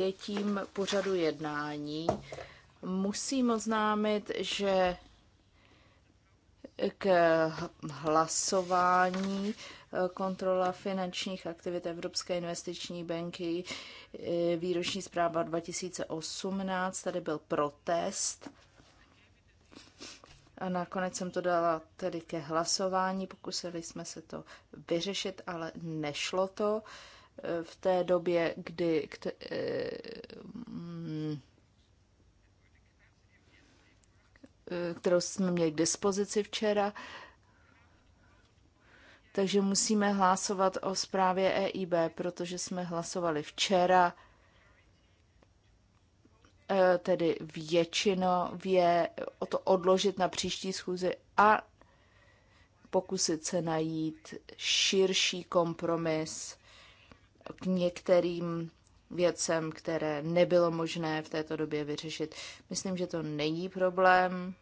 přijetím pořadu jednání musím oznámit, že k hlasování eh, kontrola finančních aktivit Evropské investiční banky eh, výroční zpráva 2018, tady byl protest. A nakonec jsem to dala tedy ke hlasování, pokusili jsme se to vyřešit, ale nešlo to. Uh, Eh, v té době, kdy kte, eh, mm, eh, kterou jsme měli k dispozici včera. Takže musíme hlasovat o zprávě EIB, protože jsme hlasovali včera, tedy většinově o to odložit na příští schůzi a pokusit se najít širší kompromis k některým věcem, které nebylo možné v této době vyřešit. Myslím, že to není problém,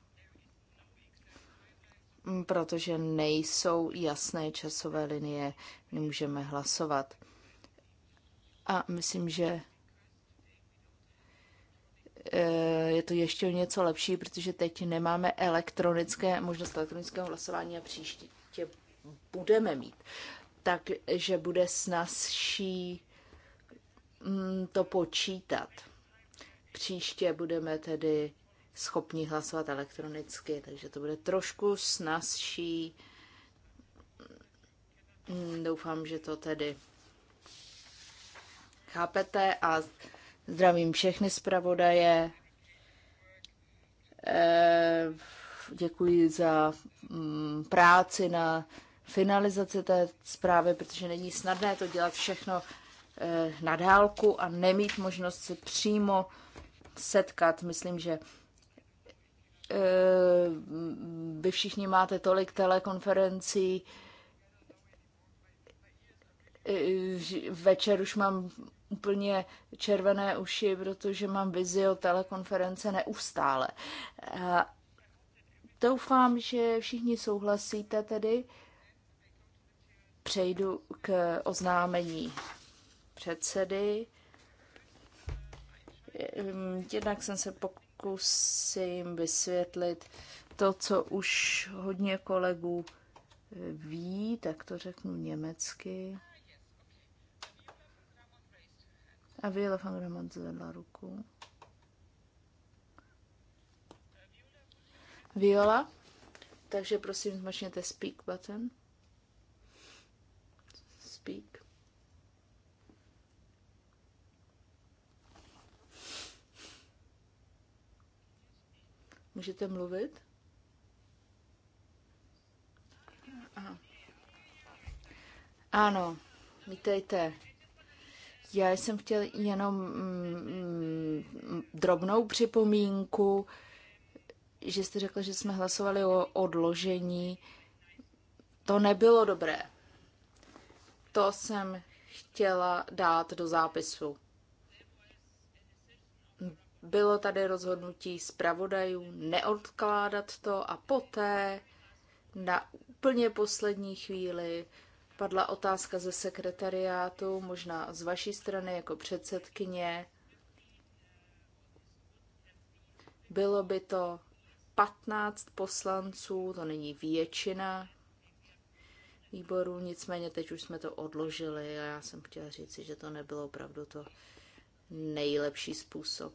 protože nejsou jasné časové linie, nemůžeme hlasovat. A myslím, že e, je to ještě o něco lepší, protože teď nemáme elektronické možnost elektronického hlasování a příště budeme mít takže bude snazší mm, to počítat. Příště budeme tedy schopni hlasovat elektronicky, takže to bude trošku snazší. Mm, doufám, že to tedy chápete a zdravím všechny zpravodaje. Eh, děkuji za mm, práci na finalizaci té zprávy, protože není snadné to dělat všechno eh, na dálku a nemít možnost se přímo setkat. Myslím, že eh, vy všichni máte tolik telekonferencí, eh, večer už mám úplně červené uši, protože mám o telekonference neustále. doufám, že všichni souhlasíte tedy, přejdu k oznámení předsedy. Ehm, jednak jsem se pokusím vysvětlit to, co už hodně kolegů eh, ví, tak to řeknu německy. A Viola van Ramon zvedla ruku. Viola, takže prosím zmačněte speak button. Můžete mluvit? Aha. Ano, vítejte. Já jsem chtěl jenom mm, mm, drobnou připomínku, že jste řekl, že jsme hlasovali o odložení. To nebylo dobré. To jsem chtěla dát do zápisu. Bylo tady rozhodnutí zpravodajů neodkládat to a poté na úplně poslední chvíli padla otázka ze sekretariátu, možná z vaší strany jako předsedkyně. Bylo by to 15 poslanců, to není většina výboru, nicméně teď už jsme to odložili a já jsem chtěla říci, že to nebylo opravdu to nejlepší způsob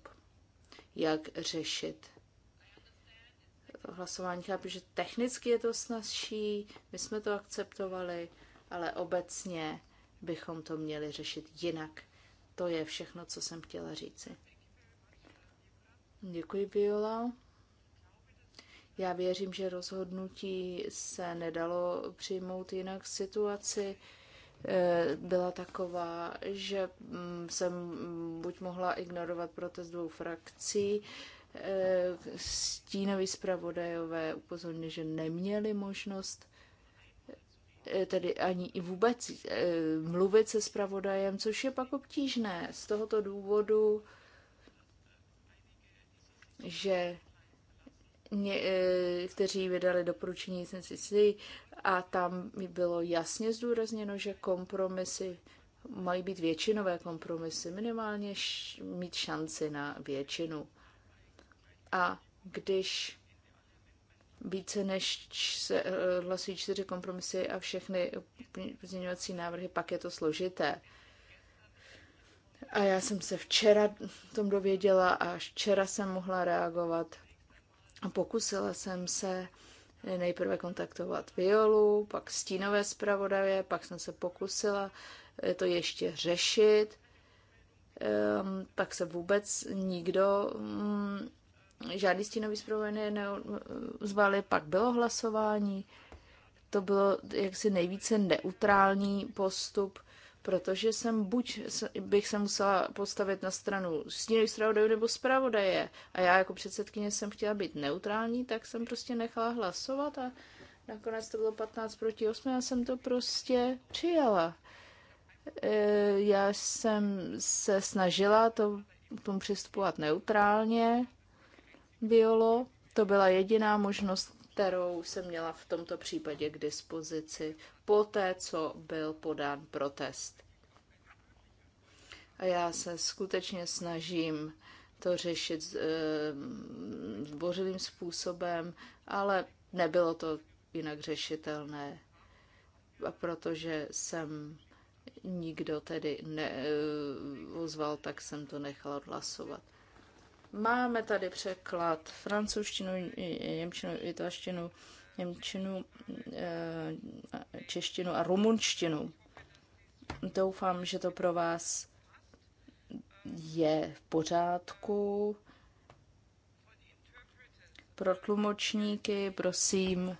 jak řešit hlasování. Chápu, že technicky je to snazší, my jsme to akceptovali, ale obecně bychom to měli řešit jinak. To je všechno, co jsem chtěla říci. Děkuji, Viola. Já věřím, že rozhodnutí se nedalo přijmout jinak situaci. Eh, byla taková, že mm, jsem mm, buď mohla ignorovat protest dvou frakcí, eh, stínoví zpravodajové upozorně, že neměli možnost eh, tedy ani vůbec mluvit se zpravodajem, což je pak obtížné z tohoto důvodu, že ně, e, kteří vydali doporučení si a tam mi bylo jasně zdůrazněno, že kompromisy mají být většinové kompromisy, minimálně š- mít šanci na většinu. A když více než se e, hlasují čtyři kompromisy a všechny pozměňovací návrhy, pak je to složité. A já jsem se včera tom dověděla a včera jsem mohla reagovat Pokusila jsem se nejprve kontaktovat Violu, pak stínové zpravodaje, pak jsem se pokusila eh, to ještě řešit. Pak ehm, se vůbec nikdo, mm, žádný stínový zpravodaj neozvali, pak bylo hlasování. To bylo jaksi nejvíce neutrální postup – protože jsem buď bych se musela postavit na stranu stínových zpravodajů nebo zpravodaje a já jako předsedkyně jsem chtěla být neutrální, tak jsem prostě nechala hlasovat a nakonec to bylo 15 proti 8 a jsem to prostě přijala. E, já jsem se snažila to, k tomu přistupovat neutrálně, Violo, to byla jediná možnost, kterou jsem měla v tomto případě k dispozici po té, co byl podán protest. A já se skutečně snažím to řešit e, způsobem, ale nebylo to jinak řešitelné. A protože jsem nikdo tedy neozval, eh, tak jsem to nechala odhlasovat. Máme tady překlad francouzštinu, němčinu, italštinu, němčinu, eh, češtinu a rumunštinu. Doufám, že to pro vás je v pořádku. Pro tlumočníky, prosím,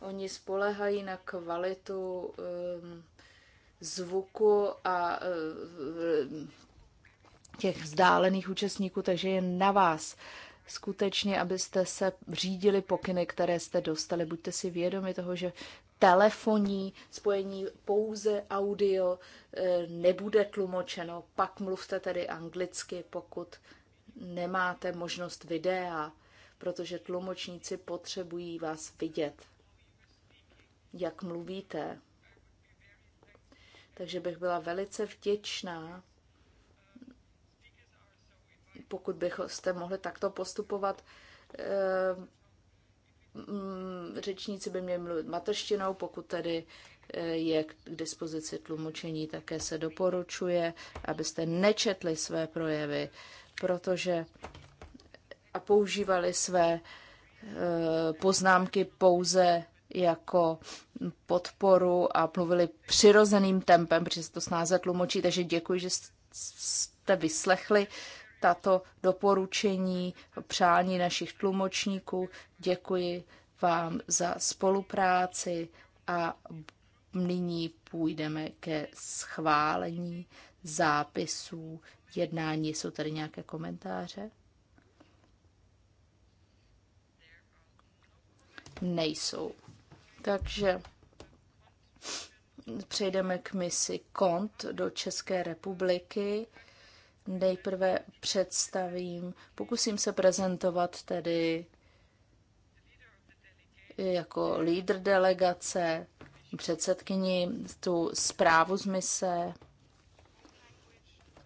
oni spolehají na kvalitu um, zvuku a um, těch vzdálených účastníků, takže je na vás skutečně, abyste se řídili pokyny, které jste dostali. Buďte si vědomi toho, že telefonní spojení pouze audio eh, nebude tlumočeno, pak mluvte tedy anglicky, pokud nemáte možnost videa, protože tlumočníci potřebují vás vidět, jak mluvíte. Takže bych byla velice vděčná, pokud byste mohli takto postupovat, eh, mm, řečníci by měli mluvit mateřštinou, pokud tedy eh, je k dispozici tlumočení, také se doporučuje, abyste nečetli své projevy, protože eh, a používali své poznámky pouze jako podporu a mluvili přirozeným tempem, protože se to snáze tlumočí, takže děkuji, že jste vyslechli tato doporučení, přání našich tlumočníků. Děkuji vám za spolupráci a nyní půjdeme ke schválení zápisů jednání. Jsou tady nějaké komentáře? Nejsou. Takže přejdeme k misi KONT do České republiky nejprve představím, pokusím se prezentovat tedy jako lídr delegace, předsedkyni tu zprávu z mise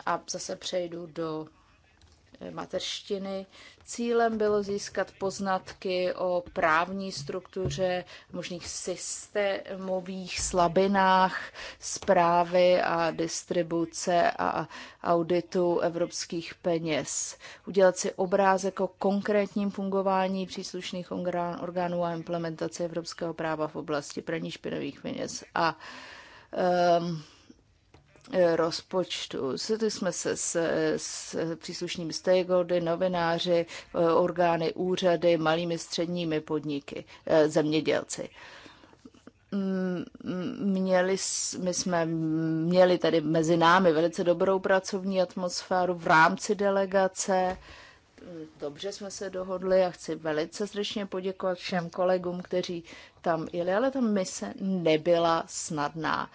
a zase přejdu do mateřštiny. Cílem bylo získat poznatky o právní struktuře, možných systémových slabinách zprávy a distribuce a auditu evropských peněz. Udělat si obrázek o konkrétním fungování příslušných orgánů a implementaci evropského práva v oblasti praní špinavých peněz. A um, rozpočtu. Sedli jsme se s, s příslušnými stakeholdy, novináři, orgány, úřady, malými středními podniky, eh, zemědělci. Mm, měli, my jsme měli tady mezi námi velice dobrou pracovní atmosféru v rámci delegace. Dobře jsme se dohodli a chci velice srdečně poděkovat všem kolegům, kteří tam jeli, ale ta mise nebyla snadná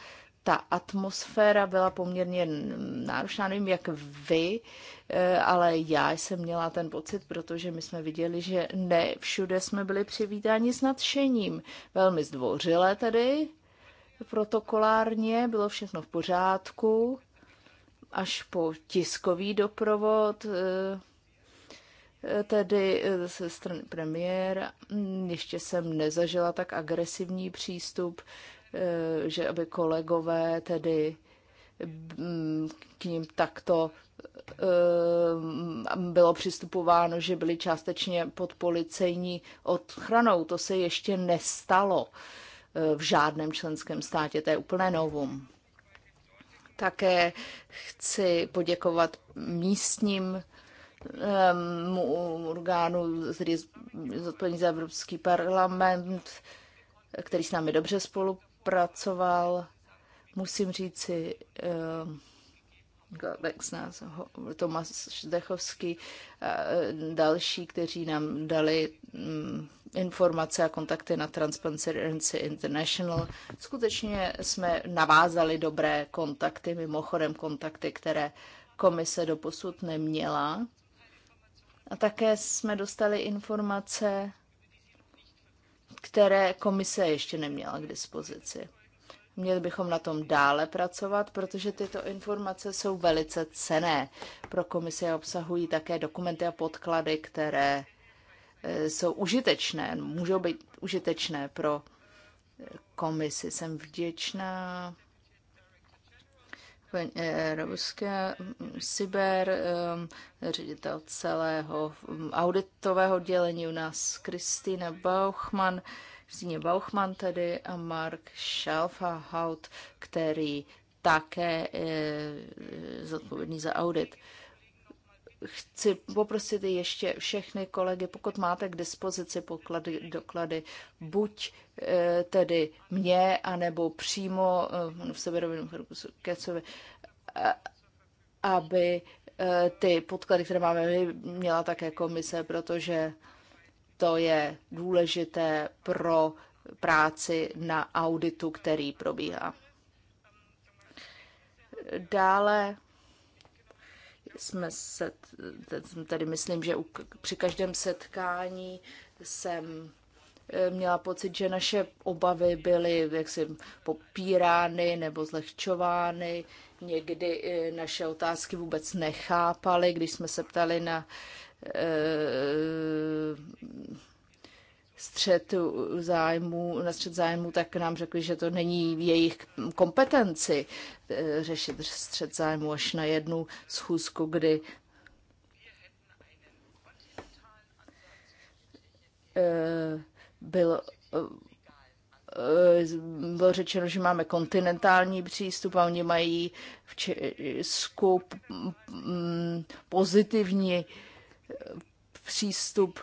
ta atmosféra byla poměrně náročná. Nevím, jak vy, eh, ale já jsem měla ten pocit, protože my jsme viděli, že ne všude jsme byli přivítáni s nadšením. Velmi zdvořile tedy, protokolárně, bylo všechno v pořádku, až po tiskový doprovod, eh, eh, tedy ze strany premiéra. Hm, ještě jsem nezažila tak agresivní přístup Eh, že aby kolegové tedy mm, k ním takto eh, bylo přistupováno, že byli částečně pod policejní ochranou. To se ještě nestalo eh, v žádném členském státě, to je úplné novum. Také chci poděkovat místním um, orgánu, který je zodpovědný za Evropský parlament, který s námi dobře spolu pracoval, musím říci, Lex eh, nás, Tomas Zdechovský, eh, další, kteří nám dali mm, informace a kontakty na Transparency International. Skutečně jsme navázali dobré kontakty, mimochodem kontakty, které komise doposud neměla. A také jsme dostali informace které komise ještě neměla k dispozici. Měli bychom na tom dále pracovat, protože tyto informace jsou velice cené. Pro komisi obsahují také dokumenty a podklady, které e, jsou užitečné, můžou být užitečné pro e, komisi. Jsem vděčná Eh, Ruské Siber, mm, eh, ředitel celého mm, auditového dělení u nás Kristýna Bauchman, Kristýně Bauchman tedy a Mark Schalfahaut, který také je eh, zodpovědný za audit chci poprosit ještě všechny kolegy, pokud máte k dispozici poklady, doklady, buď eh, tedy mě, anebo přímo eh, v Severovinu Kecovi, aby eh, ty podklady, které máme, měla také jako komise, protože to je důležité pro práci na auditu, který probíhá. Dále jsme se, tady myslím, že při každém setkání jsem eh, měla pocit, že naše obavy byly jaksi popírány nebo zlehčovány. Někdy eh, naše otázky vůbec nechápali, když jsme se ptali na eh, střetu zájmu, na střet zájmu, tak nám řekli, že to není v jejich kompetenci eh, řešit střet zájmu až na jednu schůzku, kdy eh, byl, eh, bylo řečeno, že máme kontinentální přístup a oni mají v Česku mm, pozitivní přístup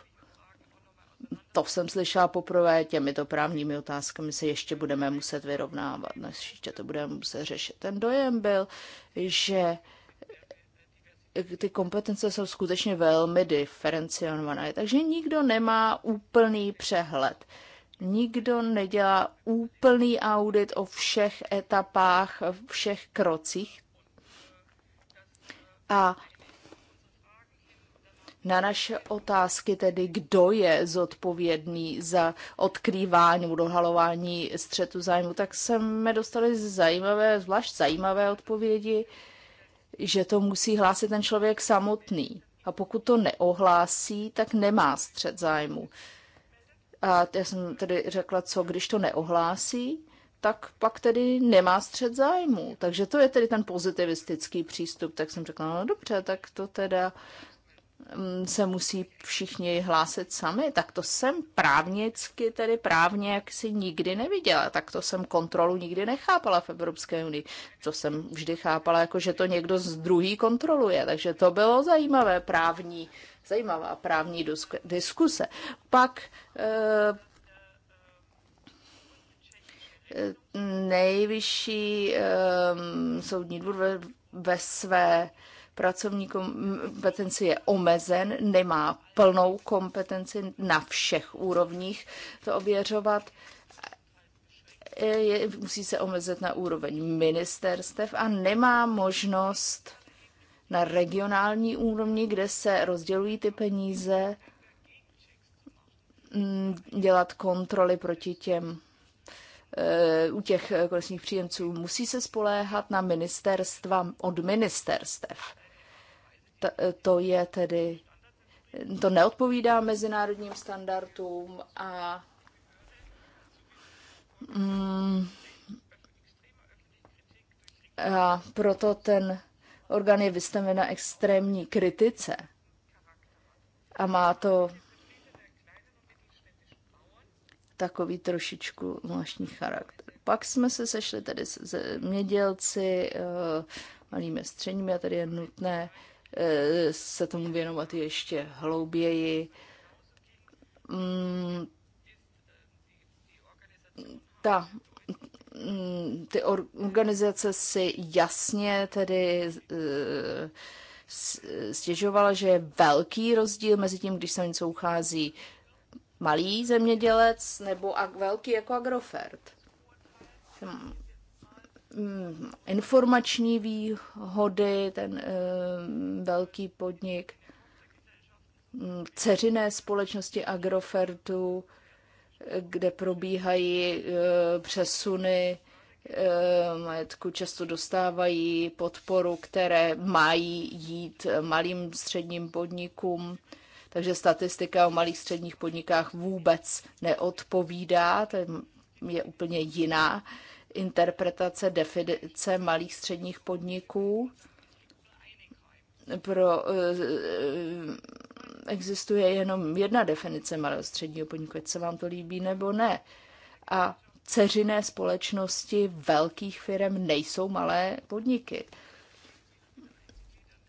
to jsem slyšela poprvé, těmito právními otázkami se ještě budeme muset vyrovnávat, než ještě to budeme muset řešit. Ten dojem byl, že ty kompetence jsou skutečně velmi diferenciované, takže nikdo nemá úplný přehled. Nikdo nedělá úplný audit o všech etapách, všech krocích. A na naše otázky tedy, kdo je zodpovědný za odkrývání dohalování střetu zájmu, tak jsme dostali zajímavé, zvlášť zajímavé odpovědi, že to musí hlásit ten člověk samotný. A pokud to neohlásí, tak nemá střed zájmu. A já jsem tedy řekla, co když to neohlásí, tak pak tedy nemá střed zájmu. Takže to je tedy ten pozitivistický přístup. Tak jsem řekla, no dobře, tak to teda Mm, se musí všichni hlásit sami, tak to jsem právnicky, tedy právně jak si nikdy neviděla, tak to jsem kontrolu nikdy nechápala v Evropské unii, co jsem vždy chápala, jako že to někdo z druhý kontroluje, takže to bylo zajímavé právní, zajímavá právní diskuse. Pak eh, eh, nejvyšší eh, soudní dvůr ve, ve své pracovníkům kompetenci je omezen, nemá plnou kompetenci na všech úrovních to ověřovat. Je, musí se omezit na úroveň ministerstev a nemá možnost na regionální úrovni, kde se rozdělují ty peníze, mm, dělat kontroly proti těm eh, u těch eh, kolesních příjemců musí se spoléhat na ministerstva od ministerstev to je tedy, to neodpovídá mezinárodním standardům a mm, a proto ten orgán je vystaven na extrémní kritice a má to takový trošičku zvláštní charakter. Pak jsme se sešli tedy s zemědělci, eh, malými středními a tady je nutné Eh, se tomu věnovat ještě hlouběji. Mm, ta, mm, ty organizace si jasně tedy eh, stěžovala, že je velký rozdíl mezi tím, když se něco uchází malý zemědělec nebo velký jako agrofert. Hmm. Mm, informační výhody, ten eh, velký podnik, mm, ceřiné společnosti Agrofertu, kde probíhají eh, přesuny eh, majetku, často dostávají podporu, které mají jít malým středním podnikům. Takže statistika o malých středních podnikách vůbec neodpovídá, je úplně jiná interpretace definice malých středních podniků. Pro, eh, existuje jenom jedna definice malého středního podniku, ať se vám to líbí nebo ne. A ceřiné společnosti velkých firm nejsou malé podniky.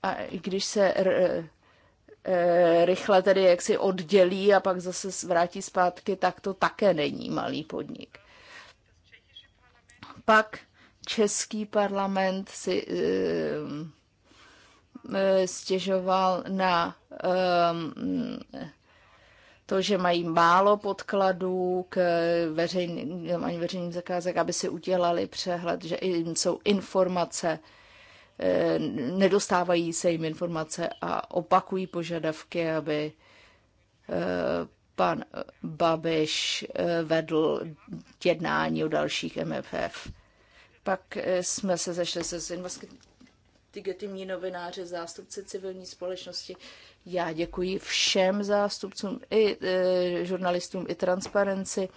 A když se eh, rychle tedy jaksi oddělí a pak zase vrátí zpátky, tak to také není malý podnik. Pak český parlament si eh, eh, stěžoval na ehm, to, že mají málo podkladů k veřejným, veřejným zakázek, aby si udělali přehled, že jim jsou informace, eh, nedostávají se jim informace a opakují požadavky, aby pan eh, Babiš eh, vedl jednání o dalších MFF. Pak eh, jsme se zešli se investigativní novináři, zástupci civilní společnosti. Já děkuji všem zástupcům, i e, žurnalistům, i transparenci.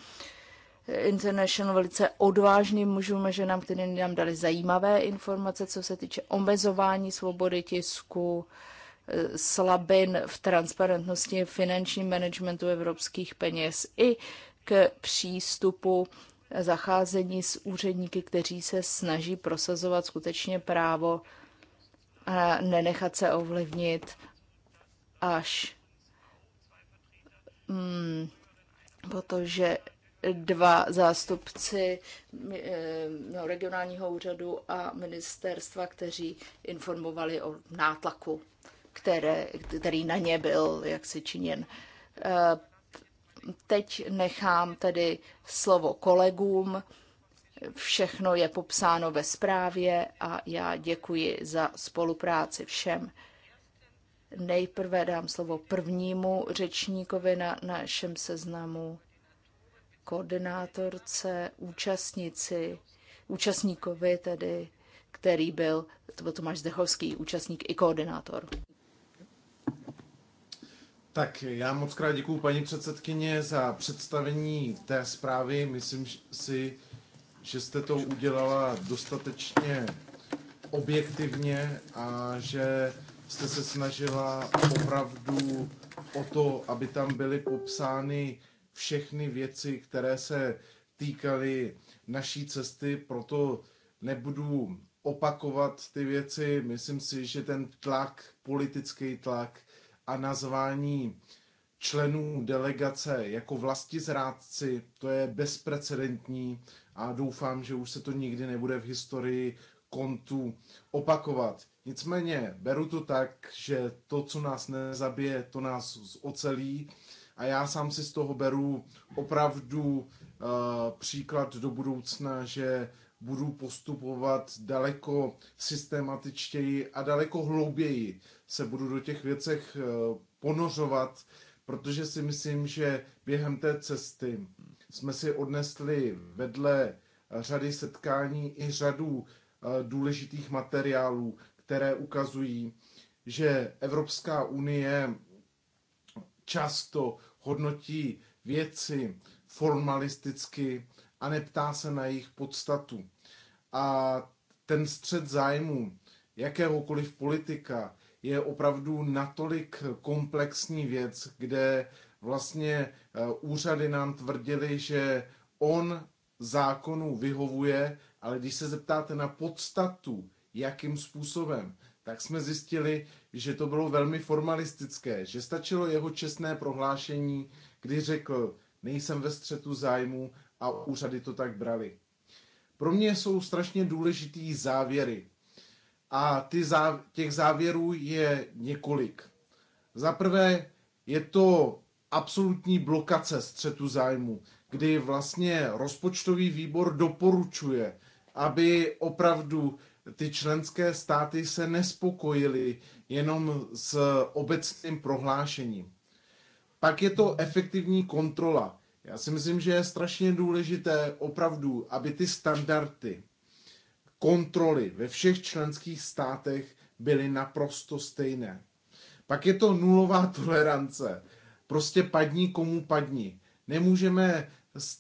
International velice odvážným mužům a ženám, kteří nám dali zajímavé informace, co se týče omezování svobody tisku, e, slabin v transparentnosti finančním managementu evropských peněz i k přístupu zacházení s úředníky, kteří se snaží prosazovat skutečně právo a nenechat se ovlivnit až hmm, protože dva zástupci eh, no, regionálního úřadu a ministerstva, kteří informovali o nátlaku které, který na ně byl jaksi činěn. Eh, teď nechám tedy slovo kolegům. Všechno je popsáno ve zprávě a já děkuji za spolupráci všem. Nejprve dám slovo prvnímu řečníkovi na našem seznamu, koordinátorce, účastnici, účastníkovi tedy, který byl to byl Tomáš Zdechovský, účastník i koordinátor. Tak já moc krát děkuju paní předsedkyně za představení té zprávy. Myslím si, že jste to udělala dostatečně objektivně a že jste se snažila opravdu o to, aby tam byly popsány všechny věci, které se týkaly naší cesty, proto nebudu opakovat ty věci. Myslím si, že ten tlak, politický tlak, a nazvání členů delegace jako vlasti zrádci, to je bezprecedentní a doufám, že už se to nikdy nebude v historii kontu opakovat. Nicméně beru to tak, že to, co nás nezabije, to nás ocelí a já sám si z toho beru opravdu uh, příklad do budoucna, že budu postupovat daleko systematičtěji a daleko hlouběji se budu do těch věcech eh, ponořovat, protože si myslím, že během té cesty jsme si odnesli vedle řady setkání i řadu eh, důležitých materiálů, které ukazují, že Evropská unie často hodnotí věci formalisticky, a neptá se na jejich podstatu. A ten střed zájmů jakéhokoliv politika je opravdu natolik komplexní věc, kde vlastně e, úřady nám tvrdili, že on zákonu vyhovuje, ale když se zeptáte na podstatu, jakým způsobem, tak jsme zjistili, že to bylo velmi formalistické, že stačilo jeho čestné prohlášení, kdy řekl, nejsem ve střetu zájmu a úřady to tak brali. Pro mě jsou strašně důležitý závěry. A ty záv- těch závěrů je několik. Za prvé je to absolutní blokace střetu zájmu, kdy vlastně rozpočtový výbor doporučuje, aby opravdu ty členské státy se nespokojily jenom s obecným prohlášením. Pak je to efektivní kontrola. Já si myslím, že je strašně důležité opravdu, aby ty standardy kontroly ve všech členských státech byly naprosto stejné. Pak je to nulová tolerance. Prostě padní komu padní. Nemůžeme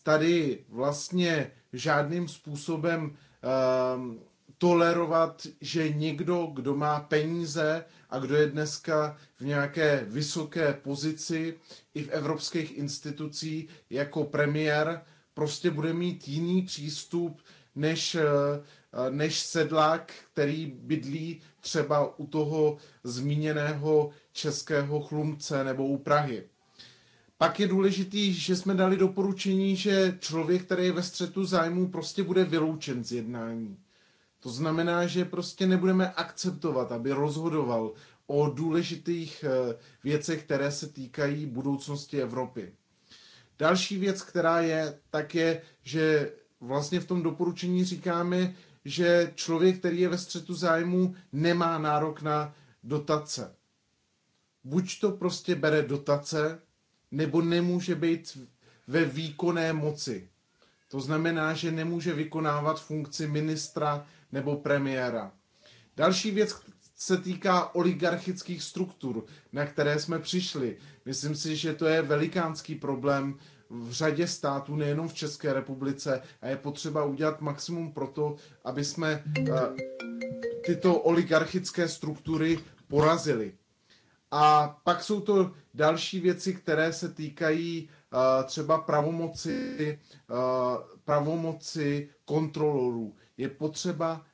tady vlastně žádným způsobem ehm, tolerovat, že někdo, kdo má peníze a kdo je dneska v nějaké vysoké pozici i v evropských institucích jako premiér, prostě bude mít jiný přístup než, eh, než sedlák, který bydlí třeba u toho zmíněného českého chlumce nebo u Prahy. Pak je důležitý, že jsme dali doporučení, že člověk, který je ve střetu zájmů, prostě bude vyloučen z jednání. To znamená, že prostě nebudeme akceptovat, aby rozhodoval o důležitých eh, věcech, které se týkají budoucnosti Evropy. Další věc, která je, tak je, že vlastně v tom doporučení říkáme, že člověk, který je ve střetu zájmu, nemá nárok na dotace. Buď to prostě bere dotace, nebo nemůže být ve výkonné moci. To znamená, že nemůže vykonávat funkci ministra nebo premiéra. Další věc se týká oligarchických struktur, na které jsme přišli. Myslím si, že to je velikánský problém v řadě států, nejenom v České republice, a je potřeba udělat maximum pro to, aby jsme eh, tyto oligarchické struktury porazili. A pak jsou to další věci, které se týkají eh, třeba pravomoci, eh, pravomoci kontrolorů je potřeba,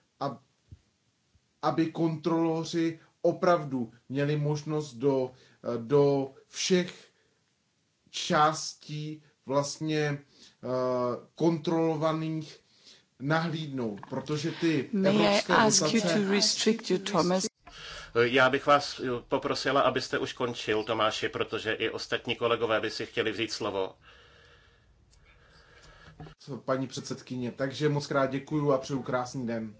aby kontroloři opravdu měli možnost do, do všech částí vlastně eh, kontrolovaných nahlídnout, protože ty evropské dotace... Eh, já bych vás eh, poprosila, abyste už končil, Tomáši, protože i ostatní kolegové by si chtěli vzít slovo paní předsedkyně. Takže moc krát děkuju a přeju krásný den.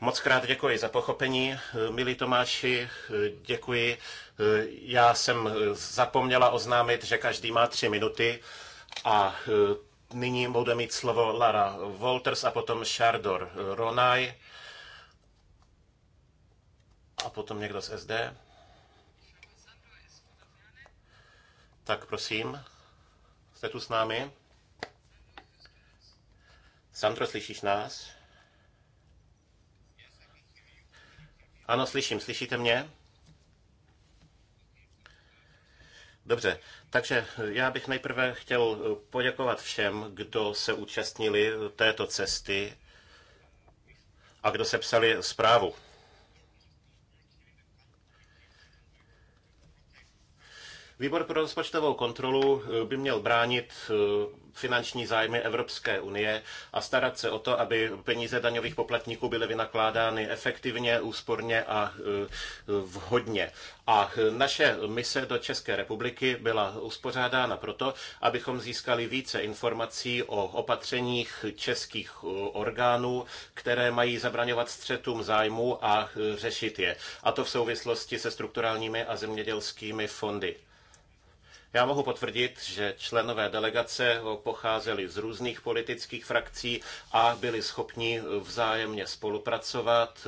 Moc krát děkuji za pochopení. Milí Tomáši, děkuji. Já jsem zapomněla oznámit, že každý má tři minuty a nyní bude mít slovo Lara Walters a potom Shardor Ronaj a potom někdo z SD. Tak prosím, jste tu s námi? Sandro, slyšíš nás? Ano, slyším. Slyšíte mě? Dobře, takže já bych nejprve chtěl eh, poděkovat všem, kdo se účastnili eh, této cesty a kdo se psali zprávu Výbor pro rozpočtovou kontrolu eh, by měl bránit eh, finanční zájmy Evropské unie a starat se o to, aby peníze daňových poplatníků byly vynakládány efektivně, úsporně a eh, vhodně. A naše mise do České republiky byla uspořádána proto, abychom získali více informací o opatřeních českých orgánů, které mají zabraňovat střetům zájmů a řešit je. A to v souvislosti se strukturálními a zemědělskými fondy. Já mohu potvrdit, že členové delegace pocházeli z různých politických frakcí a byli schopni vzájemně spolupracovat.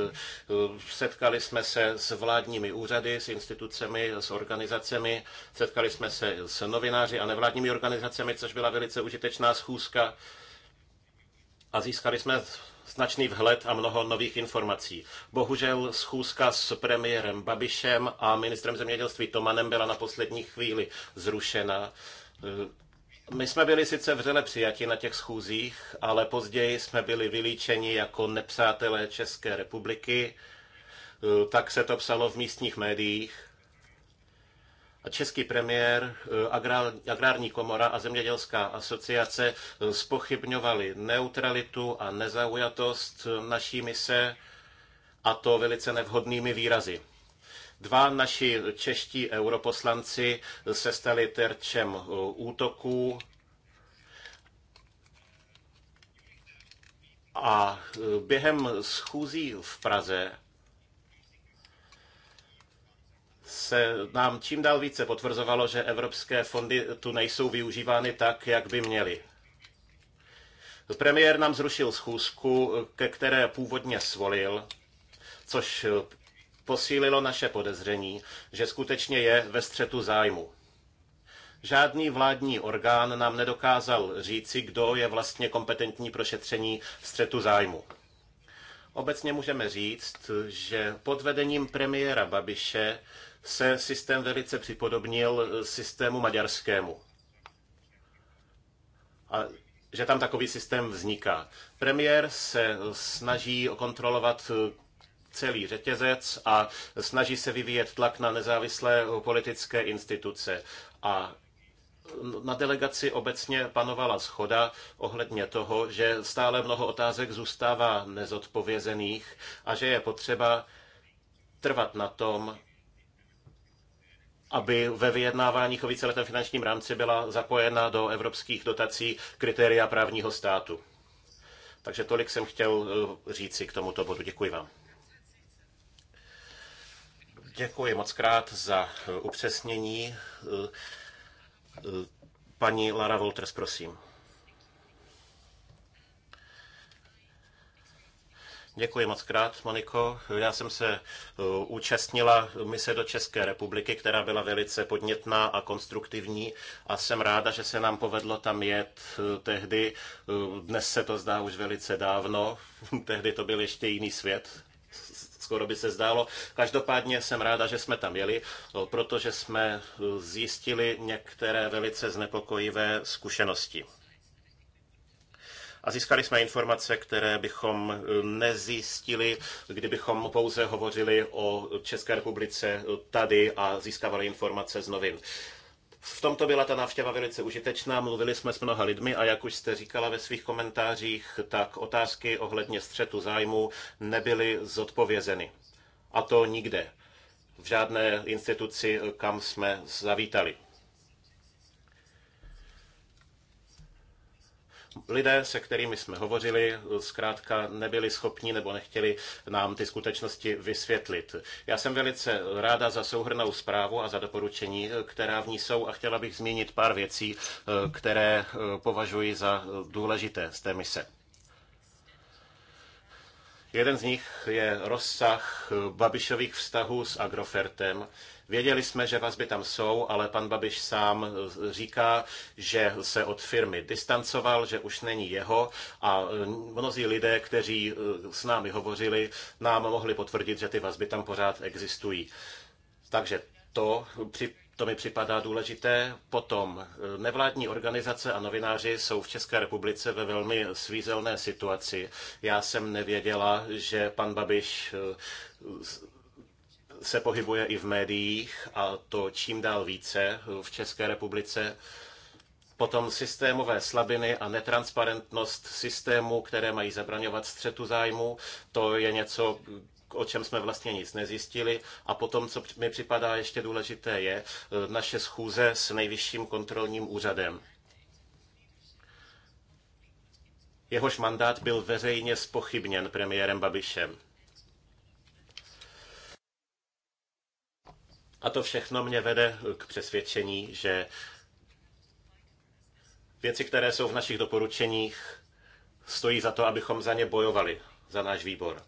Setkali jsme se s vládními úřady, s institucemi, s organizacemi, setkali jsme se s novináři a nevládními organizacemi, což byla velice užitečná schůzka. A získali jsme značný vhled a mnoho nových informací. Bohužel schůzka s premiérem Babišem a ministrem zemědělství Tomanem byla na poslední chvíli zrušena. E, my jsme byli sice vřele přijati na těch schůzích, ale později jsme byli vylíčeni jako nepřátelé České republiky. E, tak se to psalo v místních médiích. Český premiér, eh, agrární komora a zemědělská asociace eh, spochybňovali neutralitu a nezaujatost eh, naší mise a to velice nevhodnými výrazy. Dva naši čeští europoslanci se stali terčem útoků a během schůzí v Praze se nám čím dál více potvrzovalo, že evropské fondy tu nejsou využívány tak, jak by měly. Premiér nám zrušil schůzku, ke které původně svolil, což posílilo naše podezření, že skutečně je ve střetu zájmu. Žádný vládní orgán nám nedokázal říci, kdo je vlastně kompetentní pro šetření střetu zájmu. Obecně můžeme říct, že pod vedením premiéra Babiše se systém velice připodobnil systému maďarskému. A že tam takový systém vzniká. Premiér se snaží kontrolovat celý řetězec a snaží se vyvíjet tlak na nezávislé politické instituce. A na delegaci obecně panovala schoda ohledně toho, že stále mnoho otázek zůstává nezodpovězených a že je potřeba trvat na tom, aby ve vyjednáváních o víceletém finančním rámci byla zapojena do evropských dotací kritéria právního státu. Takže tolik jsem chtěl eh, říci k tomuto bodu. Děkuji vám. Děkuji moc krát za eh, upřesnění. Eh, Paní Lara Wolters, prosím. Děkuji moc krát, Moniko. Já jsem se e, účastnila mise do České republiky, která byla velice podnětná a konstruktivní a jsem ráda, že se nám povedlo tam jet e, tehdy. E, dnes se to zdá už velice dávno, tehdy to byl ještě jiný svět skoro by se zdálo. Každopádně jsem ráda, že jsme tam jeli, protože jsme e, zjistili některé velice znepokojivé zkušenosti a získali jsme informace, které bychom e, nezjistili, kdybychom pouze hovořili o České republice e, tady a získávali informace z novin. V tomto byla ta návštěva velice užitečná, mluvili jsme s mnoha lidmi a jak už jste říkala ve svých komentářích, tak otázky ohledně střetu zájmu nebyly zodpovězeny. A to nikde. V žádné instituci, kam jsme zavítali. Lidé, se kterými jsme hovořili, zkrátka nebyli schopni nebo nechtěli nám ty skutečnosti vysvětlit. Já jsem velice ráda za souhrnou zprávu a za doporučení, která v ní jsou a chtěla bych zmínit pár věcí, eh, které eh, považuji za důležité z té mise. Jeden z nich je rozsah eh, Babišových vztahů s Agrofertem, Věděli jsme, že vazby tam jsou, ale pan Babiš sám eh, říká, že se od firmy distancoval, že už není jeho a eh, mnozí lidé, kteří eh, s námi hovořili, nám mohli potvrdit, že ty vazby tam pořád existují. Takže to to mi připadá důležité. Potom nevládní organizace a novináři jsou v České republice ve velmi svízelné situaci. Já jsem nevěděla, že pan Babiš se pohybuje i v médiích a to čím dál více v České republice. Potom systémové slabiny a netransparentnost systému, které mají zabraňovat střetu zájmu, to je něco, o čem jsme vlastně nic nezjistili. A potom, co mi připadá ještě důležité, je e, naše schůze s nejvyšším kontrolním úřadem. Jehož mandát byl veřejně spochybněn premiérem Babišem. A to všechno mě vede k přesvědčení, že věci, které jsou v našich doporučeních, stojí za to, abychom za ně bojovali, za náš výbor.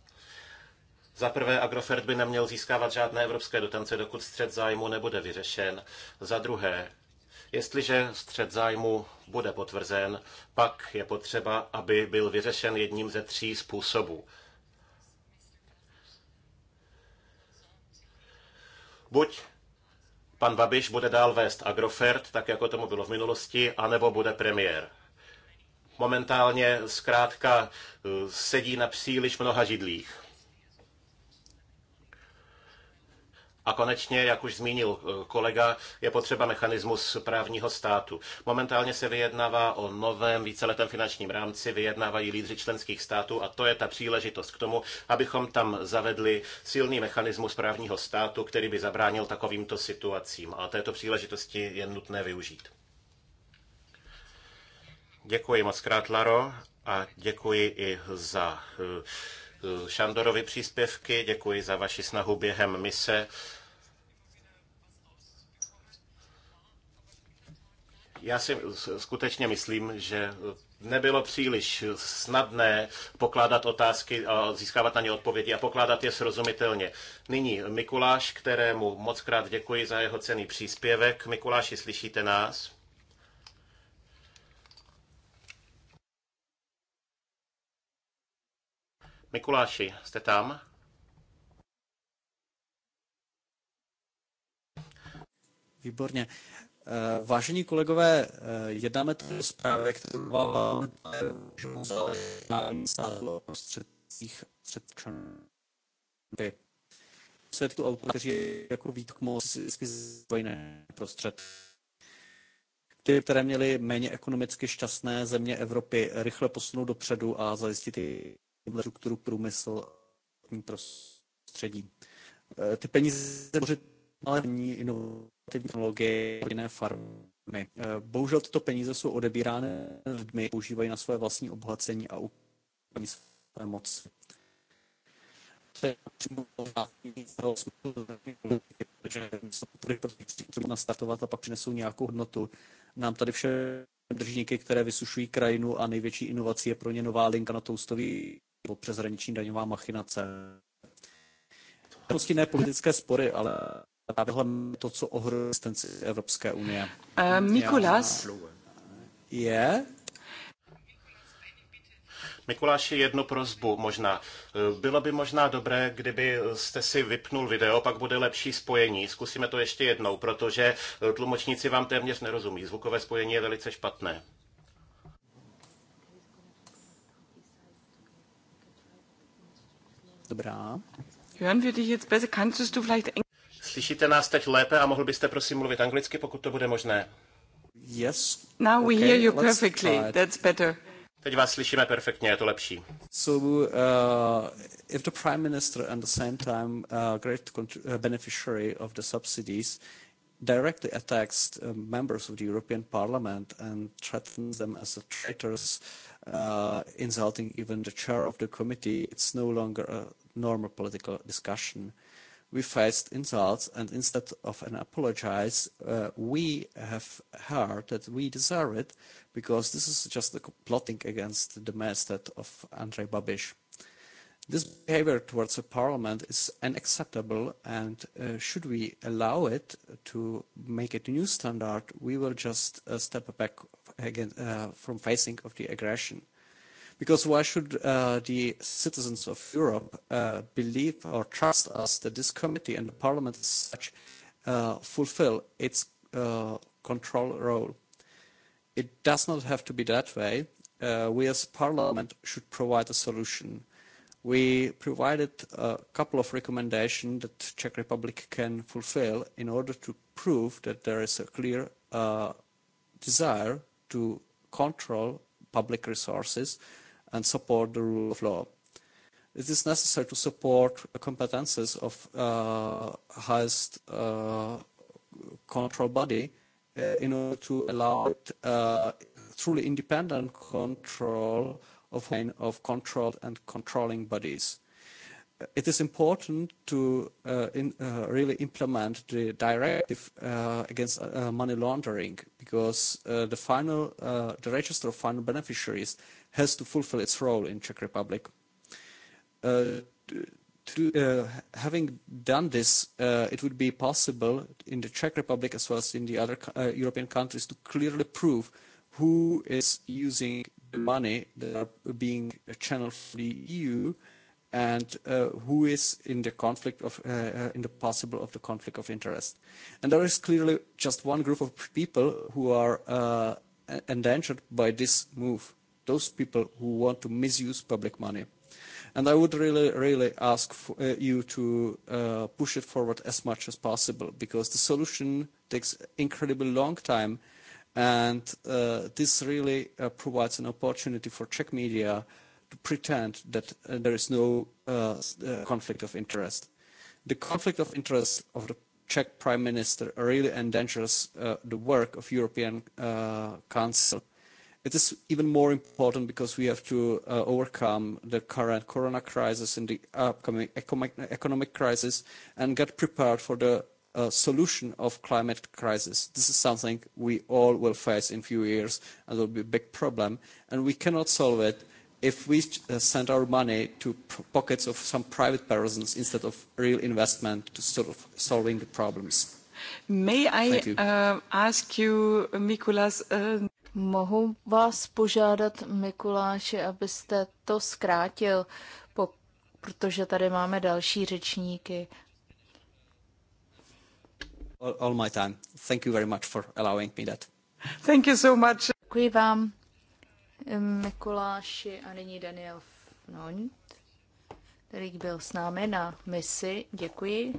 Za prvé, Agrofert by neměl získávat žádné evropské dotance, dokud střed zájmu nebude vyřešen. Za druhé, jestliže střed zájmu bude potvrzen, pak je potřeba, aby byl vyřešen jedním ze tří způsobů. Buď pan Babiš bude dál vést Agrofert, tak jako tomu bylo v minulosti, anebo bude premiér. Momentálně zkrátka eh, sedí na příliš mnoha židlích. A konečně, jak už zmínil eh, kolega, je potřeba mechanismus právního státu. Momentálně se vyjednává o novém víceletém finančním rámci, vyjednávají lídři členských států a to je ta příležitost k tomu, abychom tam zavedli silný mechanismus právního státu, který by zabránil takovýmto situacím. A této příležitosti je nutné využít. Děkuji moc krát, Laro, a děkuji i za eh, Šandorovi příspěvky, děkuji za vaši snahu během mise. Já si skutečně myslím, že nebylo příliš snadné pokládat otázky a získávat na ně odpovědi a pokládat je srozumitelně. Nyní Mikuláš, kterému moc krát děkuji za jeho cený příspěvek. Mikuláši, slyšíte nás? Mikuláši, jste tam? Výborně. Eh, vážení kolegové, eh, jednáme tady zprávy, zprávě, kterou vám stálo prostředcích předčanů. Světku auta, kteří jako výtok vždycky zvojné prostřed. Ty, které měly méně ekonomicky šťastné země Evropy, rychle posunout dopředu a zajistit i infrastrukturu, průmysl, prostředí. Eh, ty peníze tvořit ale není inovativní technologie, jiné farmy. Eh, bohužel tyto peníze jsou odebírány lidmi, používají na své vlastní obohacení a úplně své moc. To je nastartovat a pak přinesou nějakou hodnotu. Nám tady vše držníky, které vysušují krajinu a největší inovací je pro ně nová linka na toustový nebo přeshraniční daňová machinace. Prostě ne politické spory, ale právě to, co ohrožuje existenci Evropské unie. Uh, Mikuláš. Je? Mikuláš, jednu prozbu možná. Eh, bylo by možná dobré, kdyby jste si vypnul video, pak bude lepší spojení. Zkusíme to ještě jednou, protože tlumočníci vám téměř nerozumí. Zvukové spojení je velice špatné. Dobrá. Hören wir dich jetzt besser? Kannst du vielleicht Slyšíte nás teď lépe a mohl byste prosím mluvit anglicky, pokud to bude možné? Yes. Now we okay, hear you perfectly. That's better. Teď vás slyšíme perfektně, je to lepší. So, uh, if the prime minister and the same time uh, great uh, beneficiary of the subsidies uh, directly attacks uh, members of the European Parliament and threatens them as traitors, uh, insulting even the chair of the committee. It's no longer a normal political discussion. We faced insults, and instead of an apologize, uh, we have heard that we deserve it because this is just a plotting against the method of Andrei Babish. This behavior towards the parliament is unacceptable, and uh, should we allow it to make it a new standard, we will just uh, step back again uh, from facing of the aggression. Because why should uh, the citizens of Europe uh, believe or trust us that this committee and the parliament as such uh, fulfill its uh, control role? It does not have to be that way. Uh, we as parliament should provide a solution we provided a couple of recommendations that Czech Republic can fulfill in order to prove that there is a clear uh, desire to control public resources and support the rule of law. It is necessary to support the competences of uh, highest uh, control body uh, in order to allow it, uh, truly independent control of, of controlled and controlling bodies. Uh, it is important to uh, in, uh, really implement the directive uh, against uh, money laundering because uh, the final, uh, the register of final beneficiaries has to fulfill its role in Czech Republic. Uh, to, uh, having done this, uh, it would be possible in the Czech Republic as well as in the other uh, European countries to clearly prove who is using the money that are being channeled from the EU and uh, who is in the conflict of uh, uh, in the possible of the conflict of interest and there is clearly just one group of people who are uh, endangered by this move those people who want to misuse public money and i would really really ask for, uh, you to uh, push it forward as much as possible because the solution takes incredibly long time And uh, this really uh, provides an opportunity for Czech media to pretend that uh, there is no uh, uh, conflict of interest. The conflict of interest of the Czech prime minister really endangers uh, the work of European uh, Council. It is even more important because we have to uh, overcome the current corona crisis and the upcoming economic, economic crisis and get prepared for the uh, solution of climate crisis. This is something we all will face in a few years and will be a big problem. And we cannot solve it if we uh, send our money to pockets of some private persons instead of real investment to sort of solving the problems. May I you. Uh, ask you, Mikulas, uh... Mohu vás požádat, Mikuláše, abyste to zkrátil, po, protože tady máme další řečníky all, my time. Thank you very much for allowing me that. Thank you so much. Děkuji vám, Mikuláši a nyní Daniel Fnont, který byl s námi na misi. Děkuji.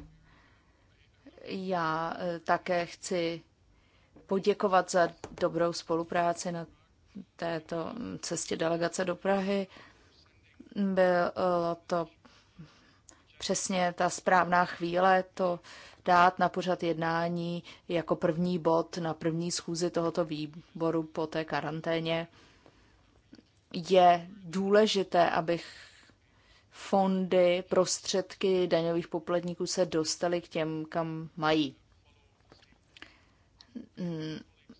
Já e, také chci poděkovat za dobrou spolupráci na této mm, cestě delegace do Prahy. Bylo to přesně ta správná chvíle, to dát na pořad jednání jako první bod na první schůzi tohoto výboru po té karanténě. Je důležité, abych fondy, prostředky daňových poplatníků se dostaly k těm, kam mají.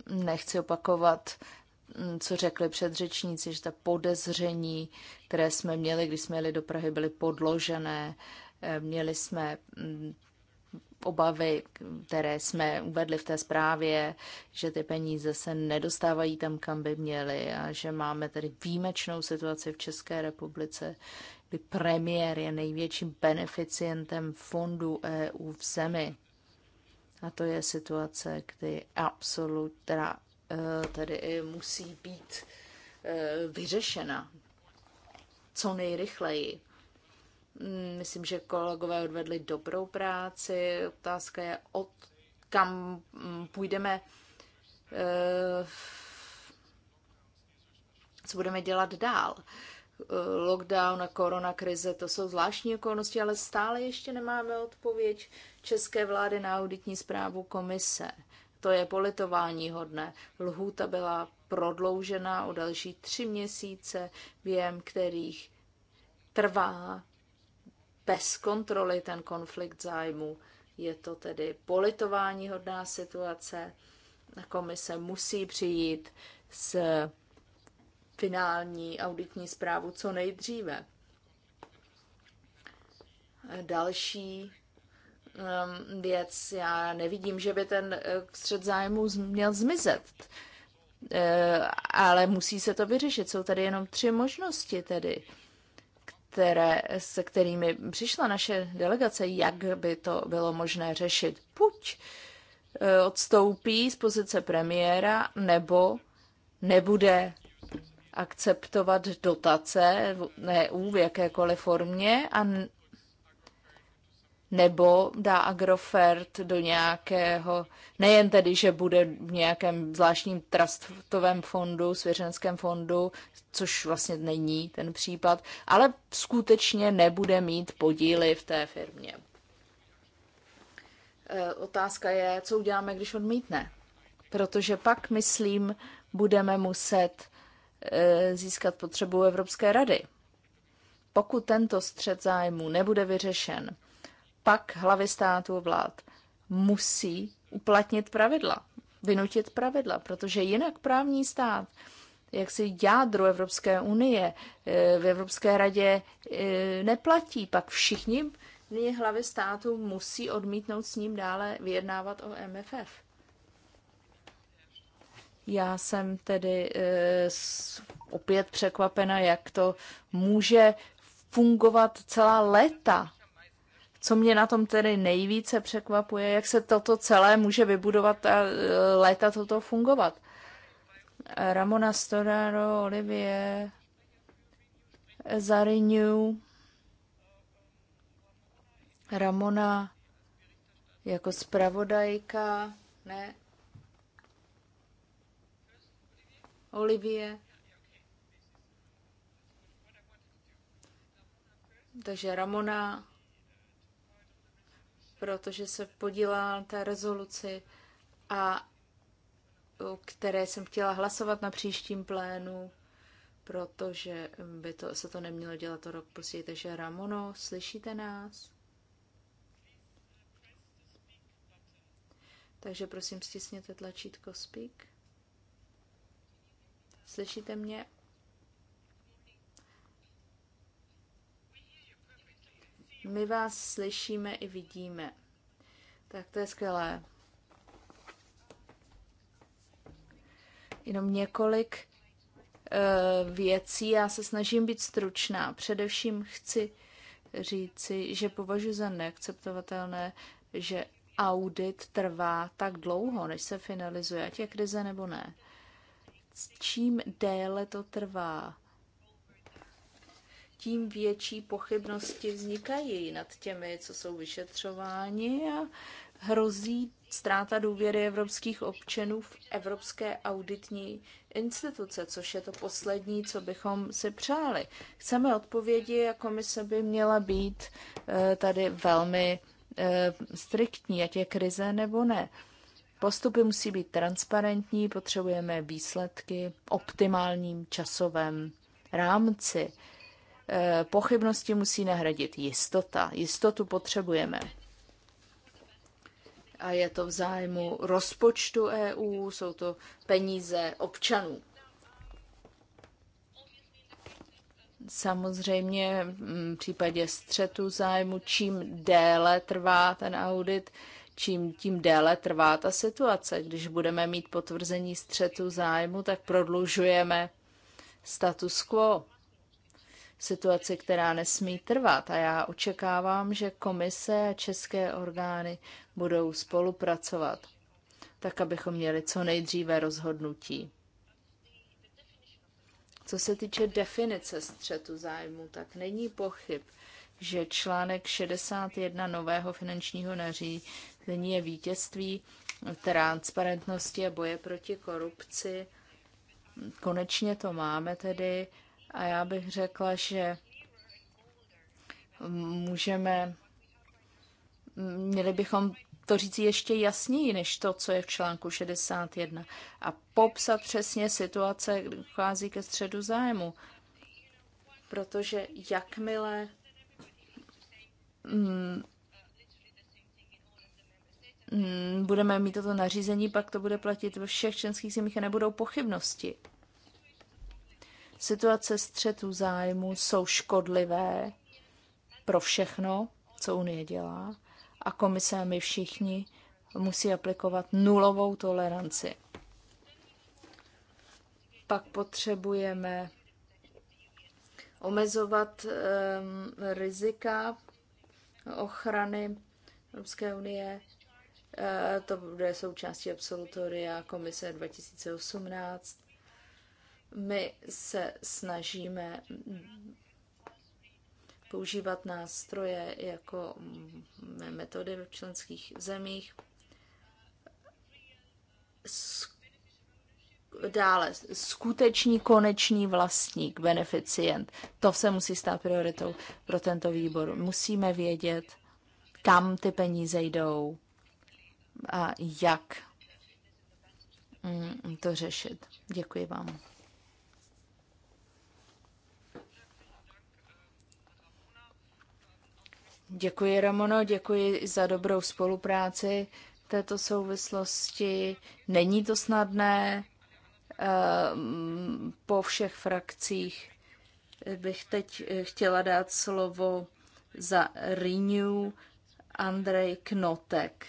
Nechci opakovat, co řekli předřečníci, že ta podezření, které jsme měli, když jsme jeli do Prahy, byly podložené. Měli jsme obavy, které jsme uvedli v té zprávě, že ty peníze se nedostávají tam, kam by měly a že máme tedy výjimečnou situaci v České republice, kdy premiér je největším beneficientem fondu e EU v zemi. A to je situace, kdy absolut, která eh, tedy musí být eh, vyřešena co nejrychleji Mm, myslím, že kolegové odvedli dobrou práci. Otázka je, od kam mm, půjdeme, eh, co budeme dělat dál. Eh, lockdown a korona krize, to jsou zvláštní okolnosti, ale stále ještě nemáme odpověď české vlády na auditní zprávu komise. To je politování hodné. Lhůta byla prodloužena o další tři měsíce, během kterých trvá bez kontroly ten konflikt zájmu. Je to tedy politování hodná situace. Komise musí přijít s finální auditní zprávu co nejdříve. Další um, věc, já nevidím, že by ten eh, střed zájmu měl zmizet eh, ale musí se to vyřešit. Jsou tady jenom tři možnosti tedy které, se kterými přišla naše delegace, jak by to bylo možné řešit. Buď e, odstoupí z pozice premiéra, nebo nebude akceptovat dotace EU v jakékoliv formě a nebo dá Agrofert do nějakého, nejen tedy, že bude v nějakém zvláštním trustovém fondu, svěřenském fondu, což vlastně není ten případ, ale skutečně nebude mít podíly v té firmě. E, otázka je, co uděláme, když odmítne. Protože pak, myslím, budeme muset e, získat potřebu Evropské rady. Pokud tento střed zájmu nebude vyřešen, pak hlavy států vlád musí uplatnit pravidla, vynutit pravidla, protože jinak právní stát, jak si jádro Evropské unie eh, v Evropské radě eh, neplatí, pak všichni hlavy států musí odmítnout s ním dále vyjednávat o MFF. Já jsem tedy eh, opět překvapena, jak to může fungovat celá léta co mě na tom tedy nejvíce překvapuje, jak se toto celé může vybudovat a e, léta toto fungovat. Ramona Storaro, Olivie, Zarinu, Ramona jako zpravodajka, ne? Olivie. Takže Ramona protože se podílá na té rezoluci a které jsem chtěla hlasovat na příštím plénu, protože by to, se to nemělo dělat to rok později. Takže Ramono, slyšíte nás? Takže prosím stisněte tlačítko Speak. Slyšíte mě? My vás slyšíme i vidíme. Tak to je skvělé. Jenom několik eh, věcí. Já se snažím být stručná. Především chci říci, že považuji za neakceptovatelné, že audit trvá tak dlouho, než se finalizuje, ať je krize nebo ne. Čím déle to trvá, tím větší pochybnosti vznikají nad těmi, co jsou vyšetřováni a hrozí ztráta důvěry evropských občanů v evropské auditní instituce, což je to poslední, co bychom si přáli. Chceme odpovědi a komise by měla být eh, tady velmi eh, striktní, ať je krize nebo ne. Postupy musí být transparentní, potřebujeme výsledky v optimálním časovém rámci. Eh, pochybnosti musí nahradit jistota. Jistotu potřebujeme. A je to v zájmu rozpočtu EU, jsou to peníze občanů. Samozřejmě mm, v případě střetu zájmu, čím déle trvá ten audit, čím tím déle trvá ta situace. Když budeme mít potvrzení střetu zájmu, tak prodlužujeme status quo situaci, která nesmí trvat. A já očekávám, že komise a české orgány budou spolupracovat, tak abychom měli co nejdříve rozhodnutí. Co se týče definice střetu zájmu, tak není pochyb, že článek 61 nového finančního nařízení je vítězství transparentnosti a boje proti korupci. Konečně to máme tedy a já bych řekla, že můžeme, měli bychom to říct ještě jasněji než to, co je v článku 61 a popsat přesně situace, kdy dochází ke středu zájmu. Protože jakmile mm, mm, budeme mít toto nařízení, pak to bude platit ve všech členských zemích a nebudou pochybnosti. Situace střetu zájmu jsou škodlivé pro všechno, co Unie dělá a komise a my všichni musí aplikovat nulovou toleranci. Pak potřebujeme omezovat um, rizika ochrany Evropské unie. E, to bude součástí absolutoria komise 2018. My se snažíme používat nástroje jako metody v členských zemích. Dále, skutečný konečný vlastník, beneficient, to se musí stát prioritou pro tento výbor. Musíme vědět, kam ty peníze jdou a jak mm, to řešit. Děkuji vám. Děkuji, Ramono, děkuji za dobrou spolupráci v této souvislosti. Není to snadné eh, po všech frakcích. Bych teď chtěla dát slovo za Renew Andrej Knotek.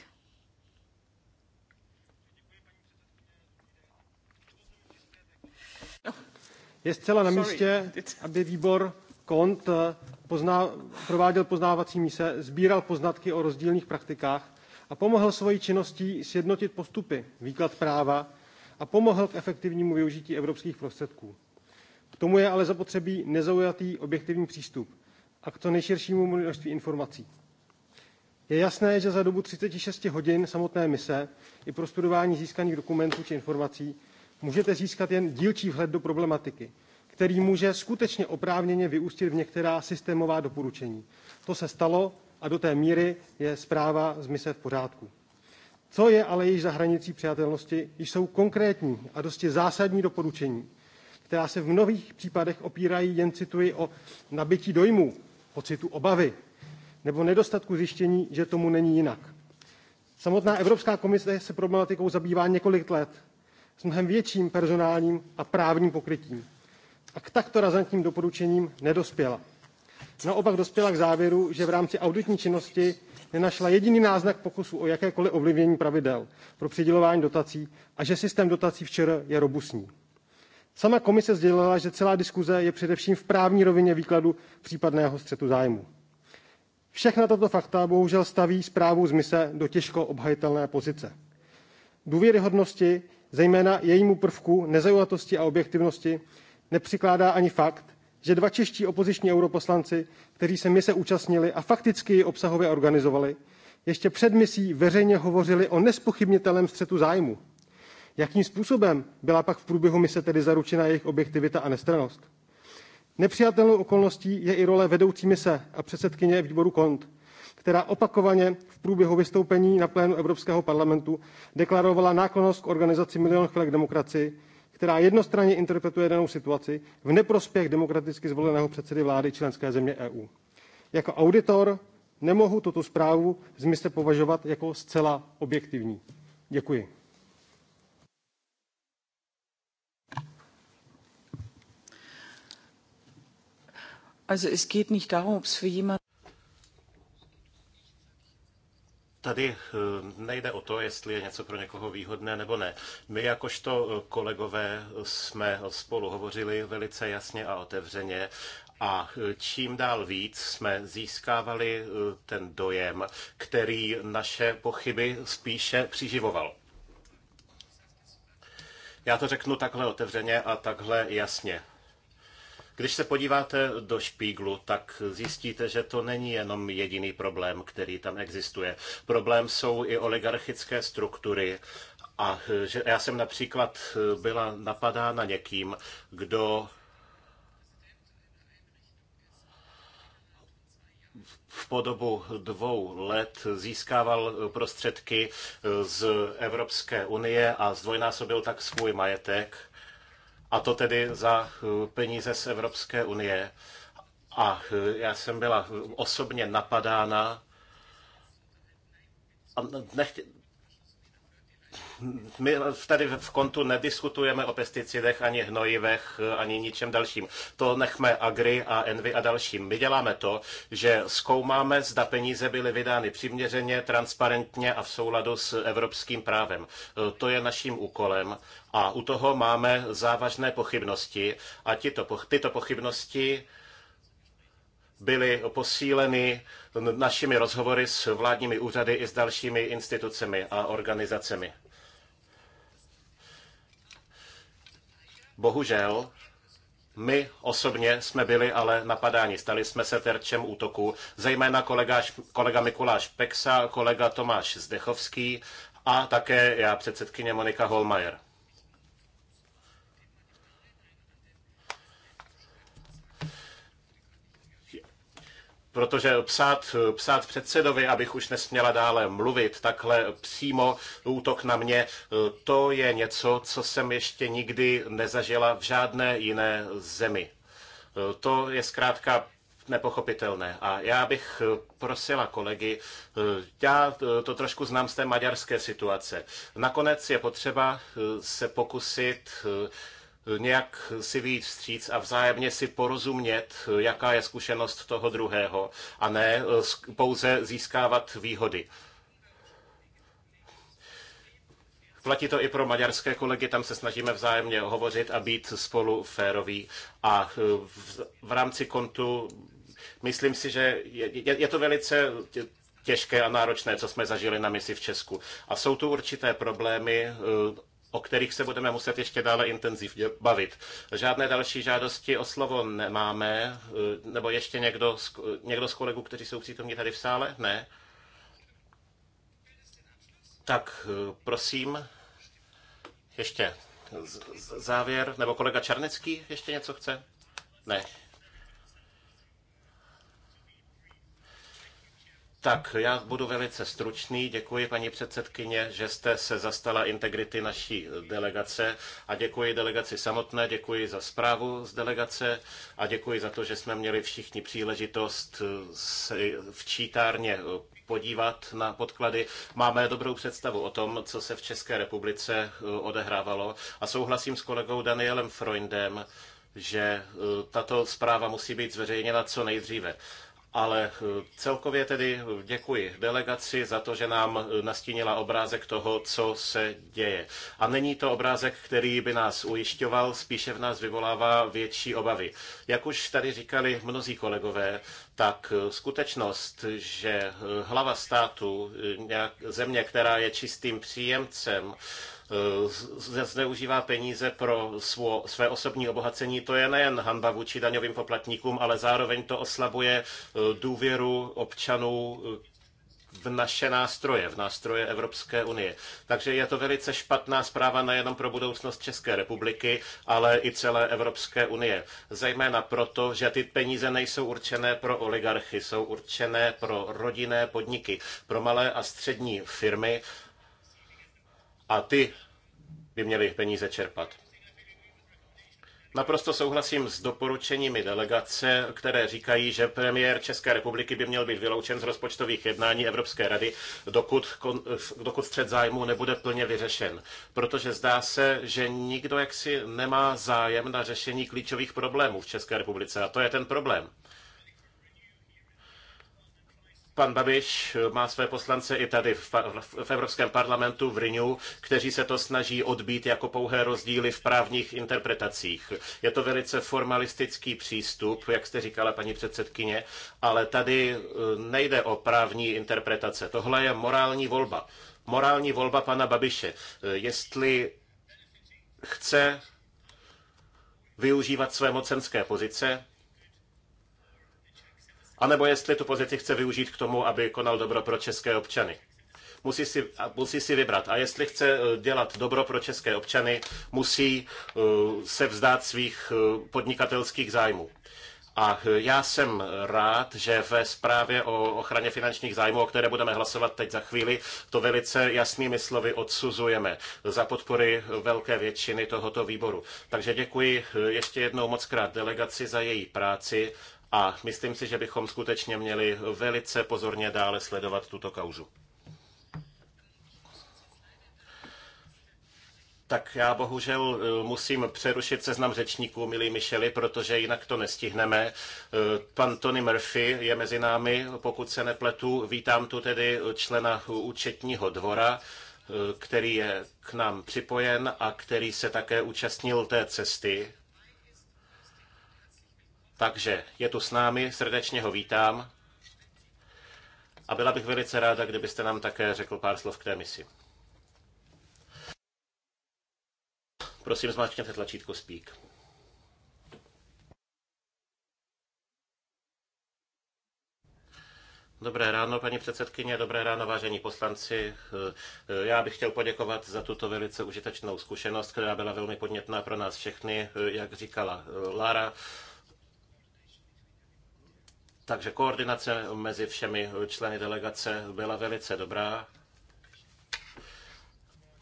Je zcela na místě, aby výbor kont, eh, pozná, prováděl poznávací mise, sbíral poznatky o rozdílných praktikách a pomohl svojí činností sjednotit postupy, výklad práva a pomohl k efektivnímu využití evropských prostředků. K tomu je ale zapotřebí nezaujatý objektivní přístup a k co nejširšímu množství informací. Je jasné, že za dobu 36 hodin samotné mise i pro studování získaných dokumentů či informací můžete získat jen dílčí vhled do problematiky, který může skutečně oprávněně vyústit v některá systémová doporučení. To se stalo a do té míry je zpráva z mise v pořádku. Co je ale již za hranicí přijatelnosti, jsou konkrétní a dosti zásadní doporučení, která se v mnohých případech opírají jen cituji o nabití dojmů, pocitu obavy nebo nedostatku zjištění, že tomu není jinak. Samotná Evropská komise se problematikou zabývá několik let s mnohem větším personálním a právním pokrytím a k takto razantním doporučením nedospěla. Naopak dospěla k závěru, že v rámci auditní činnosti nenašla jediný náznak pokusu o jakékoliv ovlivnění pravidel pro přidělování dotací a že systém dotací včera je robustní. Sama komise sdělila, že celá diskuze je především v právní rovině výkladu případného střetu zájmu. Všechna tato fakta bohužel staví zprávu z mise do těžko obhajitelné pozice. Důvěryhodnosti, zejména jejímu prvku nezajímatosti a objektivnosti, nepřikládá ani fakt, že dva čeští opoziční europoslanci, kteří se mise účastnili a fakticky ji obsahově organizovali, ještě před misí veřejně hovořili o nespochybnitelném střetu zájmu. Jakým způsobem byla pak v průběhu mise tedy zaručena jejich objektivita a nestranost? Nepřijatelnou okolností je i role vedoucí mise a předsedkyně výboru KONT, která opakovaně v průběhu vystoupení na plénu Evropského parlamentu deklarovala náklonost k organizaci Milion chvilek demokracii, která jednostranně interpretuje danou situaci v neprospěch demokraticky zvoleného předsedy vlády členské země EU. Jako auditor nemohu tuto zprávu z mise považovat jako zcela objektivní. Děkuji. Also es geht nicht darum, ob es für jemanden tady eh, nejde o to, jestli je něco pro někoho výhodné nebo ne. My jakožto eh, kolegové jsme spolu hovořili velice jasně a otevřeně a eh, čím dál víc jsme získávali ten dojem, který naše pochyby spíše přiživoval. Já to řeknu takhle otevřeně a takhle jasně. Když se podíváte do špíglu, tak zjistíte, že to není jenom jediný problém, který tam existuje. Problém jsou i oligarchické struktury. A že já jsem například eh, byla napadána někým, kdo v podobu dvou let získával prostředky eh, z Evropské unie a zdvojnásobil tak svůj majetek a to tedy za eh, peníze z Evropské unie. A eh, já jsem byla osobně napadána a nechtě, my tady v kontu nediskutujeme o pesticidech, ani hnojivech, ani ničem dalším. To nechme Agri a Envy a dalším. My děláme to, že zkoumáme, zda peníze byly vydány přiměřeně, transparentně a v souladu s evropským právem. E, to je naším úkolem a u toho máme závažné pochybnosti a tyto, tyto pochybnosti byly posíleny našimi rozhovory s vládními úřady i s dalšími institucemi a organizacemi. Bohužel, my osobně jsme byli ale napadáni, stali jsme se terčem útoku, zejména kolega, kolega Mikuláš Peksa, kolega Tomáš Zdechovský a také já předsedkyně Monika Holmajer. protože psát, psát předsedovi, abych už nesměla dále mluvit, takhle přímo útok na mě, to je něco, co jsem ještě nikdy nezažila v žádné jiné zemi. To je zkrátka nepochopitelné. A já bych prosila kolegy, já to trošku znám z té maďarské situace. Nakonec je potřeba se pokusit nějak si vyjít vstříc a vzájemně si porozumět, jaká je zkušenost toho druhého, a ne eh, pouze získávat výhody. Platí to i pro maďarské kolegy, tam se snažíme vzájemně hovořit a být spolu féroví. A eh, v, v rámci kontu myslím si, že je, je, je to velice těžké a náročné, co jsme zažili na misi v Česku. A jsou tu určité problémy, eh, o kterých se budeme muset ještě dále intenzivně bavit. Žádné další žádosti o slovo nemáme, eh, nebo ještě někdo z, někdo z kolegů, kteří jsou přítomní tady v sále? Ne? Tak eh, prosím, ještě závěr, nebo kolega Čarnecký ještě něco chce? Ne, Tak já budu velice stručný. Děkuji, paní předsedkyně, že jste se zastala integrity naší delegace a děkuji delegaci samotné, děkuji za zprávu z delegace a děkuji za to, že jsme měli všichni příležitost v čítárně podívat na podklady. Máme dobrou představu o tom, co se v České republice odehrávalo a souhlasím s kolegou Danielem Freundem, že tato zpráva musí být zveřejněna co nejdříve. Ale eh, celkově tedy eh, děkuji delegaci za to, že nám eh, nastínila obrázek toho, co se děje. A není to obrázek, který by nás ujišťoval, spíše v nás vyvolává větší obavy. Jak už tady říkali mnozí kolegové, tak skutečnost, že hlava státu, země, která je čistým příjemcem, Eh, zneužívá peníze pro svo, své osobní obohacení, to je nejen hanba vůči daňovým poplatníkům, ale zároveň to oslabuje eh, důvěru občanů eh, v naše nástroje, v nástroje Evropské unie. Takže je to velice špatná zpráva nejenom pro budoucnost České republiky, ale i celé Evropské unie. Zejména proto, že ty peníze nejsou určené pro oligarchy, jsou určené pro rodinné podniky, pro malé a střední firmy a ty by měly peníze čerpat. Naprosto souhlasím s doporučeními delegace, které říkají, že premiér České republiky by měl být vyloučen z rozpočtových jednání Evropské rady, dokud, dokud střed zájmu nebude plně vyřešen. Protože zdá se, že nikdo jaksi nemá zájem na řešení klíčových problémů v České republice. A to je ten problém. Pan Babiš má své poslance i tady v, v Evropském parlamentu v Rinu, kteří se to snaží odbít jako pouhé rozdíly v právních interpretacích. Je to velice formalistický přístup, jak jste říkala, paní předsedkyně, ale tady e, nejde o právní interpretace. Tohle je morální volba. Morální volba pana Babiše. E, jestli chce využívat své mocenské pozice, anebo jestli tu pozici chce využít k tomu, aby konal dobro pro české občany. Musí si, musí si vybrat. A jestli chce eh, dělat dobro pro české občany, musí eh, se vzdát svých eh, podnikatelských zájmů. A já jsem rád, že ve zprávě o ochraně finančních zájmů, o které budeme hlasovat teď za chvíli, to velice jasnými slovy odsuzujeme za podpory velké většiny tohoto výboru. Takže děkuji ještě jednou moc krát delegaci za její práci a myslím si, že bychom skutečně měli velice pozorně dále sledovat tuto kauzu. Tak já bohužel eh, musím přerušit seznam řečníků, milí Micheli, protože jinak to nestihneme. Eh, pan Tony Murphy je mezi námi, pokud se nepletu. Vítám tu tedy člena účetního dvora, eh, který je k nám připojen a který se také účastnil té cesty takže je tu s námi, srdečně ho vítám a byla bych velice ráda, kdybyste nám také řekl pár slov k té misi. Prosím, zmáčkněte tlačítko Speak. Dobré ráno, paní předsedkyně, dobré ráno, vážení poslanci. Já bych chtěl poděkovat za tuto velice užitečnou zkušenost, která byla velmi podnětná pro nás všechny, jak říkala Lara. Takže koordinace mezi všemi členy delegace byla velice dobrá.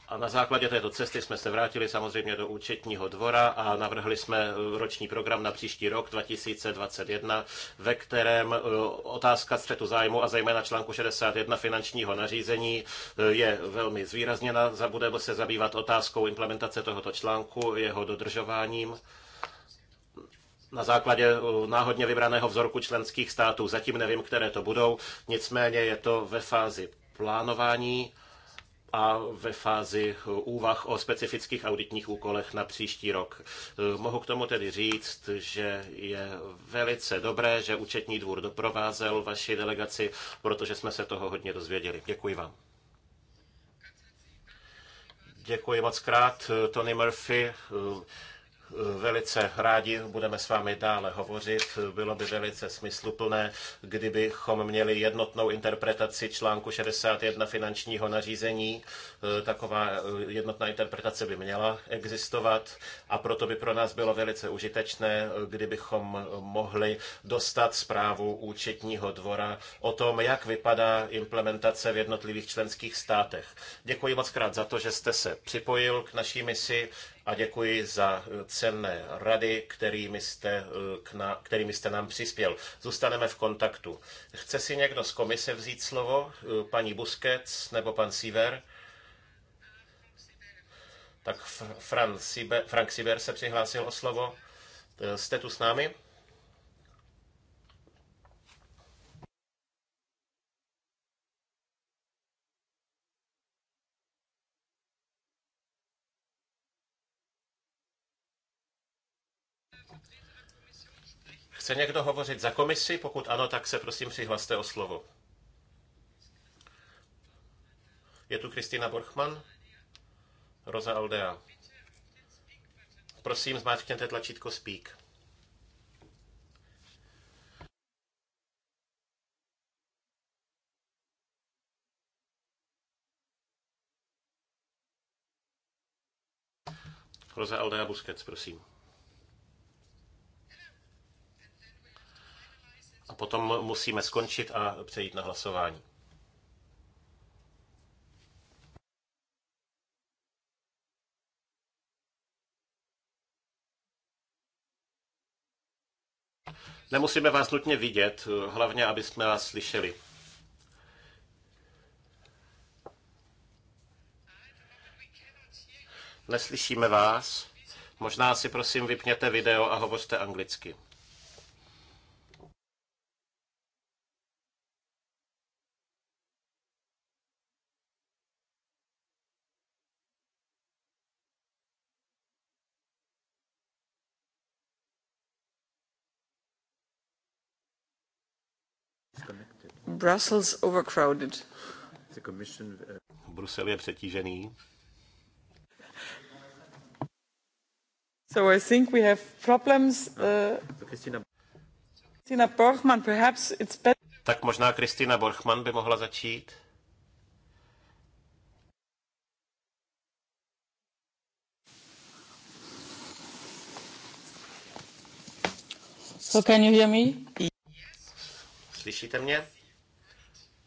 A na základě této cesty jsme se vrátili samozřejmě do účetního dvora a navrhli jsme roční program na příští rok 2021, ve kterém e, otázka střetu zájmu a zejména článku 61 finančního nařízení e, je velmi zvýrazněna. Budeme se zabývat otázkou implementace tohoto článku, jeho dodržováním na základě eh, náhodně vybraného vzorku členských států. Zatím nevím, které to budou, nicméně je to ve fázi plánování a ve fázi eh, úvah o specifických auditních úkolech na příští rok. Eh, mohu k tomu tedy říct, že je velice dobré, že účetní dvůr doprovázel vaši delegaci, protože jsme se toho hodně dozvěděli. Děkuji vám. Děkuji moc krát, Tony Murphy velice rádi budeme s vámi dále hovořit. Bylo by velice smysluplné, kdybychom měli jednotnou interpretaci článku 61 finančního nařízení. E, taková e, jednotná interpretace by měla existovat a proto by pro nás bylo velice užitečné, e, kdybychom mohli dostat zprávu účetního dvora o tom, jak vypadá implementace v jednotlivých členských státech. Děkuji moc krát za to, že jste se připojil k naší misi a děkuji za eh, cenné rady, kterými jste, eh, k na, kterými jste nám přispěl. Zůstaneme v kontaktu. Chce si někdo z komise vzít slovo? Eh, paní Busquets nebo pan Siver? Tak Frank Siber, Frank se přihlásil o slovo. Jste tu s námi? Chce někdo hovořit za komisi? Pokud ano, tak se prosím přihlaste o slovo. Je tu Kristýna Borchman? Roza Aldea. Prosím, zmáčkněte tlačítko Speak. Roza Aldea Busquets, prosím. A potom musíme skončit a přejít na hlasování. Nemusíme vás nutně vidět, hlavně, aby jsme vás slyšeli. Neslyšíme vás. Možná si prosím vypněte video a hovořte anglicky. Uh, Brusel je přetížený. So I think we have problems. Uh, Borchmann, perhaps it's better. Tak možná Kristina Borchmann by mohla začít. So can you hear me? Slyšíte mě?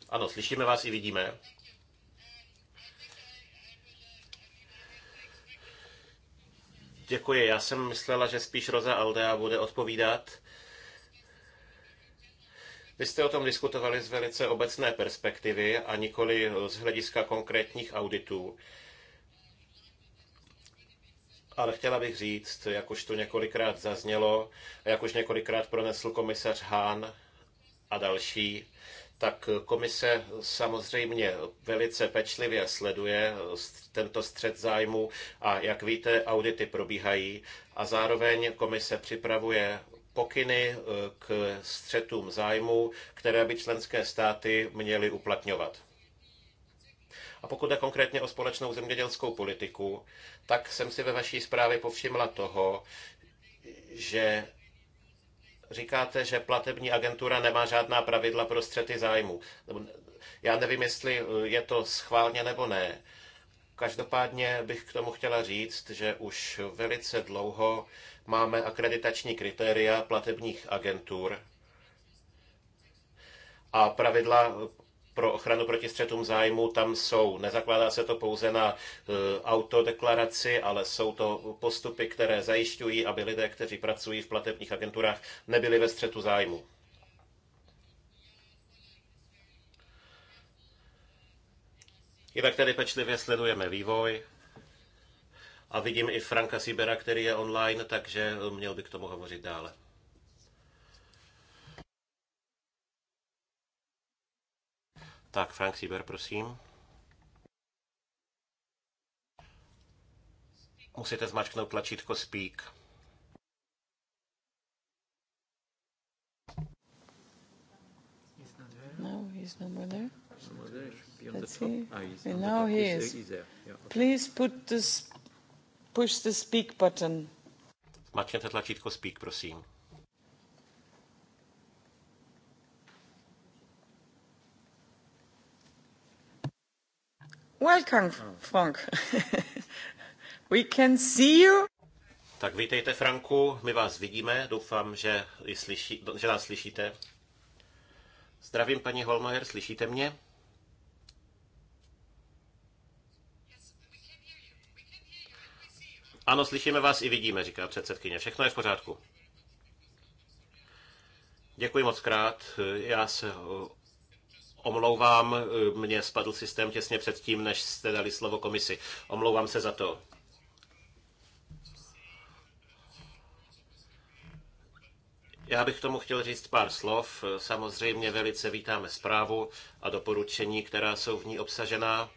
Ano, slyšíme vás i vidíme. Děkuji, já jsem myslela, že spíš Roza Aldea bude odpovídat. Vy jste o tom diskutovali z velice obecné perspektivy a nikoli z hlediska konkrétních auditů. Ale chtěla bych říct, jak už to několikrát zaznělo, jak už několikrát pronesl komisař Hahn a další, tak komise samozřejmě velice pečlivě sleduje tento střed zájmů a jak víte, audity probíhají a zároveň komise připravuje pokyny eh, k střetům zájmů, které by členské státy měly uplatňovat. A pokud jde konkrétně o společnou zemědělskou politiku, tak jsem si ve vaší zprávě povšimla toho, že Říkáte, že platební agentura nemá žádná pravidla pro střety zájmu. Já nevím, jestli je to schválně nebo ne. Každopádně bych k tomu chtěla říct, že už velice dlouho máme akreditační kritéria platebních agentur a pravidla pro ochranu proti střetům zájmu tam jsou. Nezakládá se to pouze na e, autodeklaraci, ale jsou to postupy, které zajišťují, aby lidé, kteří pracují v platebních agenturách, nebyli ve střetu zájmu. Jinak tedy pečlivě sledujeme vývoj a vidím i Franka Sibera, který je online, takže měl by k tomu hovořit dále. Tak, Frank Sieber, prosím. Musíte zmačknout tlačítko Speak. No, he's no there, Let's See. now he ah, is. Please put this, push the speak button. tlačítko Speak, prosím. Welcome, Frank. We can see you. Tak vítejte, Franku, my vás vidíme, doufám, že, slyší, že nás slyšíte. Zdravím, paní Holmajer, slyšíte mě? Ano, slyšíme vás i vidíme, říká předsedkyně. Všechno je v pořádku. Děkuji moc krát. Já se omlouvám, eh, mě spadl systém těsně předtím, než jste dali slovo komisi. Omlouvám se za to. Já bych tomu chtěl říct pár slov. Samozřejmě velice vítáme zprávu a doporučení, která jsou v ní obsažená.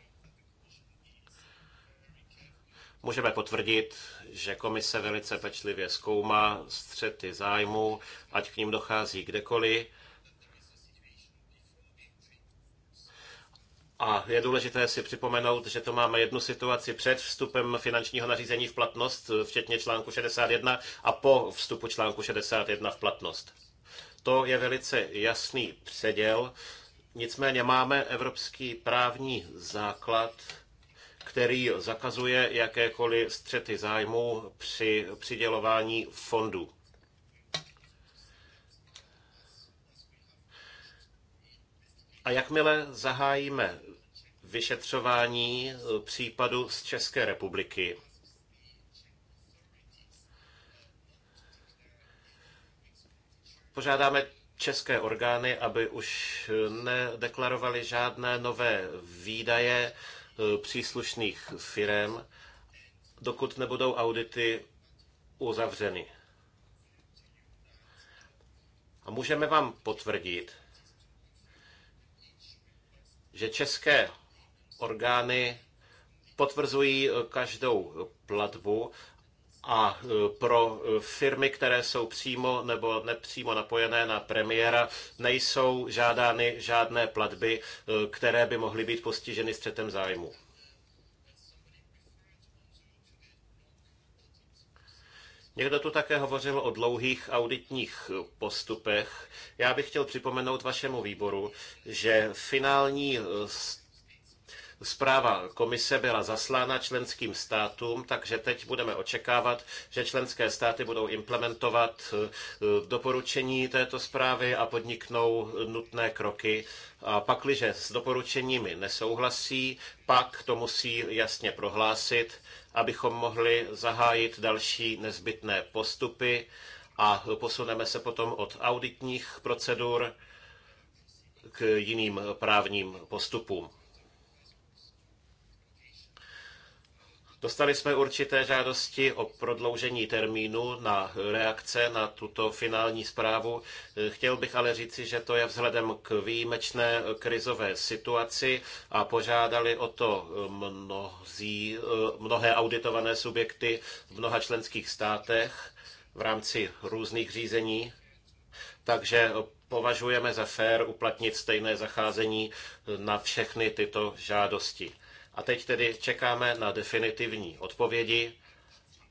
Můžeme potvrdit, že komise velice pečlivě zkoumá střety zájmu, ať k ním dochází kdekoliv A je důležité si připomenout, že to máme jednu situaci před vstupem finančního nařízení v platnost, včetně článku 61, a po vstupu článku 61 v platnost. To je velice jasný předěl, nicméně máme evropský právní základ, který zakazuje jakékoliv střety zájmů při přidělování fondů. A jakmile zahájíme vyšetřování eh, případu z České republiky. Požádáme české orgány, aby už eh, nedeklarovali žádné nové výdaje eh, příslušných firm, dokud nebudou audity uzavřeny. A můžeme vám potvrdit, že české orgány potvrzují eh, každou platbu a eh, pro eh, firmy, které jsou přímo nebo nepřímo napojené na premiéra, nejsou žádány žádné platby, které by mohly být postiženy střetem zájmu. Někdo tu také hovořil o dlouhých auditních postupech. Já bych chtěl připomenout vašemu výboru, že finální Zpráva komise byla zaslána členským státům, takže teď budeme očekávat, že členské státy budou implementovat eh, doporučení této zprávy a podniknou nutné kroky. A pakliže s doporučeními nesouhlasí, pak to musí jasně prohlásit, abychom mohli zahájit další nezbytné postupy a posuneme se potom od auditních procedur k jiným právním postupům. Dostali jsme určité žádosti o prodloužení termínu na reakce na tuto finální zprávu. Chtěl bych ale říci, že to je vzhledem k výjimečné krizové situaci a požádali o to mnozí, mnohé auditované subjekty v mnoha členských státech v rámci různých řízení. Takže považujeme za fér uplatnit stejné zacházení na všechny tyto žádosti. A teď tedy čekáme na definitivní odpovědi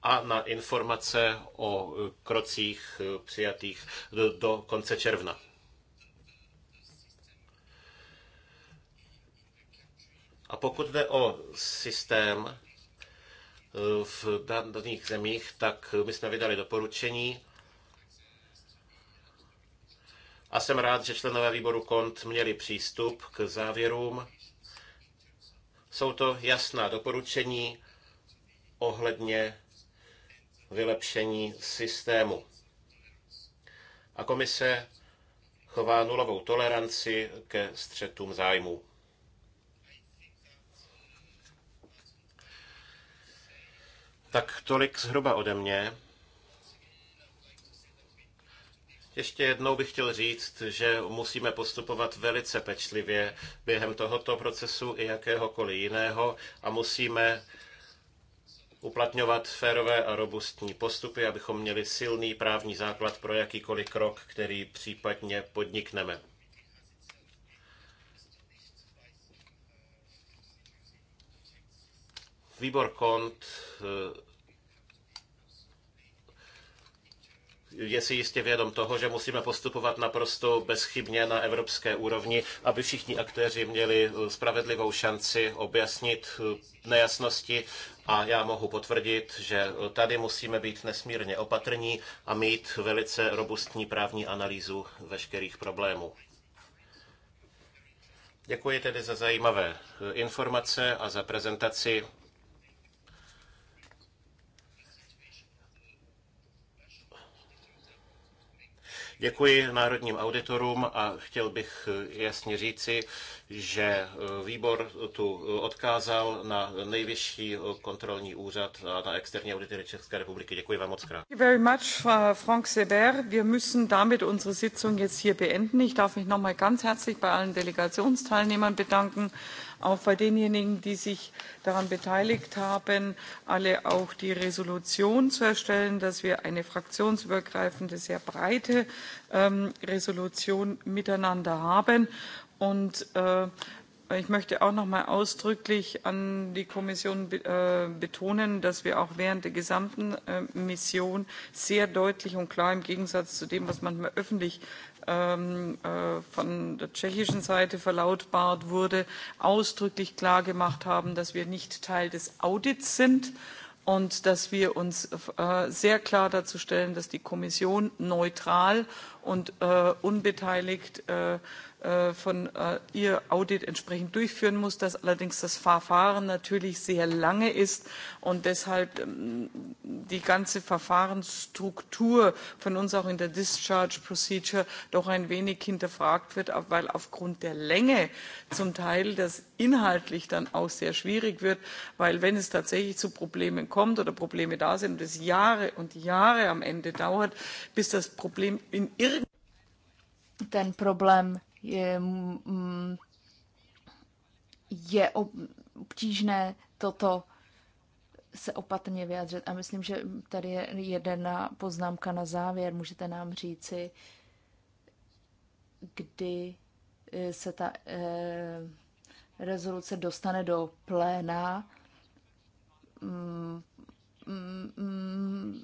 a na informace o e, krocích e, přijatých do, do konce června. A pokud jde o systém e, v daných zemích, tak my jsme vydali doporučení a jsem rád, že členové výboru KONT měli přístup k závěrům jsou to jasná doporučení ohledně vylepšení systému. A komise chová nulovou toleranci ke střetům zájmů. Tak tolik zhruba ode mě. Ještě jednou bych chtěl říct, že musíme postupovat velice pečlivě během tohoto procesu i jakéhokoliv jiného a musíme uplatňovat férové a robustní postupy, abychom měli silný právní základ pro jakýkoliv krok, který případně podnikneme. Výbor KONT eh, je si jistě vědom toho, že musíme postupovat naprosto bezchybně na evropské úrovni, aby všichni aktéři měli eh, spravedlivou šanci objasnit eh, nejasnosti a já mohu potvrdit, že eh, tady musíme být nesmírně opatrní a mít velice robustní právní analýzu veškerých problémů. Děkuji tedy za zajímavé informace a za prezentaci Děkuji národním auditorům a chtěl bych jasně říci, že eh, výbor tu eh, odkázal na nejvyšší eh, kontrolní úřad a na externí auditory České republiky. Děkuji vám moc krát. Very much, Frank Seber. Wir müssen damit unsere Sitzung jetzt hier beenden. Ich darf mich nochmal ganz herzlich bei allen Delegationsteilnehmern bedanken auch bei denjenigen, die sich daran beteiligt haben, alle auch die Resolution zu erstellen, dass wir eine fraktionsübergreifende, sehr breite ähm, Resolution miteinander haben. Und äh, Ich möchte auch noch mal ausdrücklich an die Kommission äh, betonen, dass wir auch während der gesamten äh, Mission sehr deutlich und klar im Gegensatz zu dem, was manchmal öffentlich ähm, äh, von der tschechischen Seite verlautbart wurde, ausdrücklich klar gemacht haben, dass wir nicht Teil des Audits sind und dass wir uns äh, sehr klar dazu stellen, dass die Kommission neutral und äh, unbeteiligt äh, Äh, von äh, ihr Audit entsprechend durchführen muss, dass allerdings das Verfahren natürlich sehr lange ist und deshalb ähm, die ganze Verfahrensstruktur von uns auch in der Discharge Procedure doch ein wenig hinterfragt wird, weil aufgrund der Länge zum Teil das inhaltlich dann auch sehr schwierig wird, weil wenn es tatsächlich zu Problemen kommt oder Probleme da sind und es Jahre und Jahre am Ende dauert, bis das Problem in irgendeinem ten problém je, mm, je obtížné toto se opatrně vyjádřit. A myslím, že tady je jedna poznámka na závěr. Můžete nám říci, kdy eh, se ta eh, rezoluce dostane do pléna. Mm, mm, mm, mm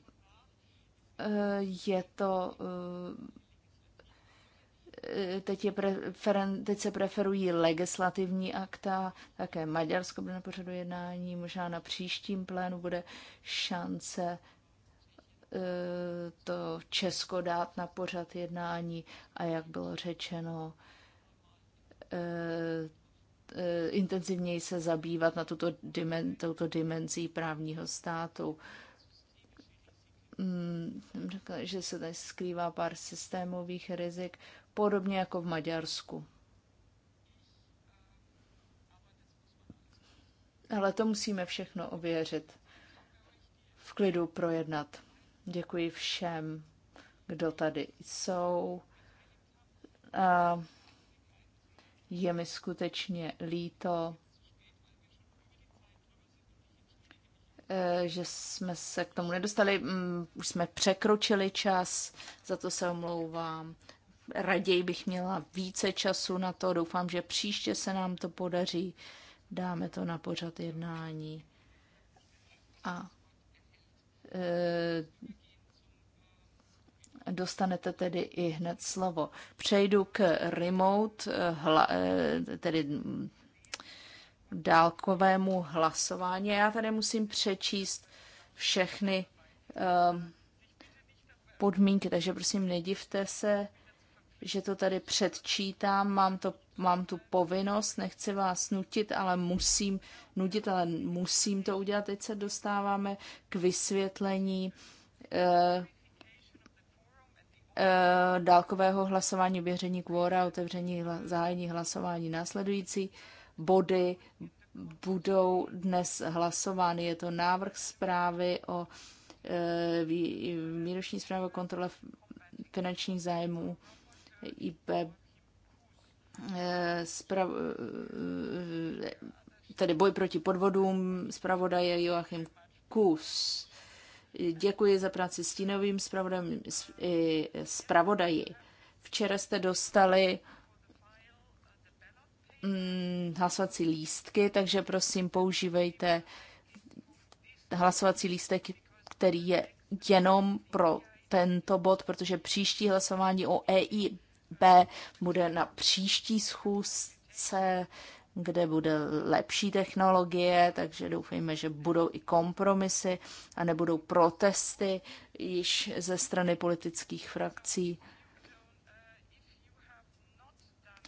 eh, je to eh, Eh, teď, je preferen, teď se preferují legislativní akta, také Maďarsko bude na pořadu jednání, možná na příštím plénu bude šance eh, to Česko dát na pořad jednání a jak bylo řečeno, eh, intenzivněji se zabývat na tuto dimen, touto dimenzí právního státu. Hmm, řekla, že se tady skrývá pár systémových rizik podobně jako v Maďarsku. Ale to musíme všechno ověřit, v klidu projednat. Děkuji všem, kdo tady jsou. A je mi skutečně líto, eh, že jsme se k tomu nedostali. Mm, už jsme překročili čas, za to se omlouvám raději bych měla více času na to. Doufám, že příště se nám to podaří. Dáme to na pořad jednání. A e, dostanete tedy i hned slovo. Přejdu k remote, e, hla, e, tedy dálkovému hlasování. Já tady musím přečíst všechny e, podmínky, takže prosím nedivte se, že to tady předčítám, mám, to, mám tu povinnost, nechci vás nutit, ale musím, nudit, ale musím to udělat. Teď se dostáváme k vysvětlení eh, eh, dálkového hlasování, věření kvóra, otevření, zahájení hlasování. Následující body budou dnes hlasovány. Je to návrh zprávy o eh, výroční zprávě o kontrole finančních zájmů IP eh, eh, eh, tedy boj proti podvodům zpravodaje Joachim Kus. Děkuji za práci s tínovým zpravodajem i zpravodaji. Včera jste dostali mm, hlasovací lístky, takže prosím používejte hlasovací lístek, který je jenom pro tento bod, protože příští hlasování o EIB B bude na příští schůzce, kde bude lepší technologie, takže doufejme, že budou i kompromisy a nebudou protesty již ze strany politických frakcí.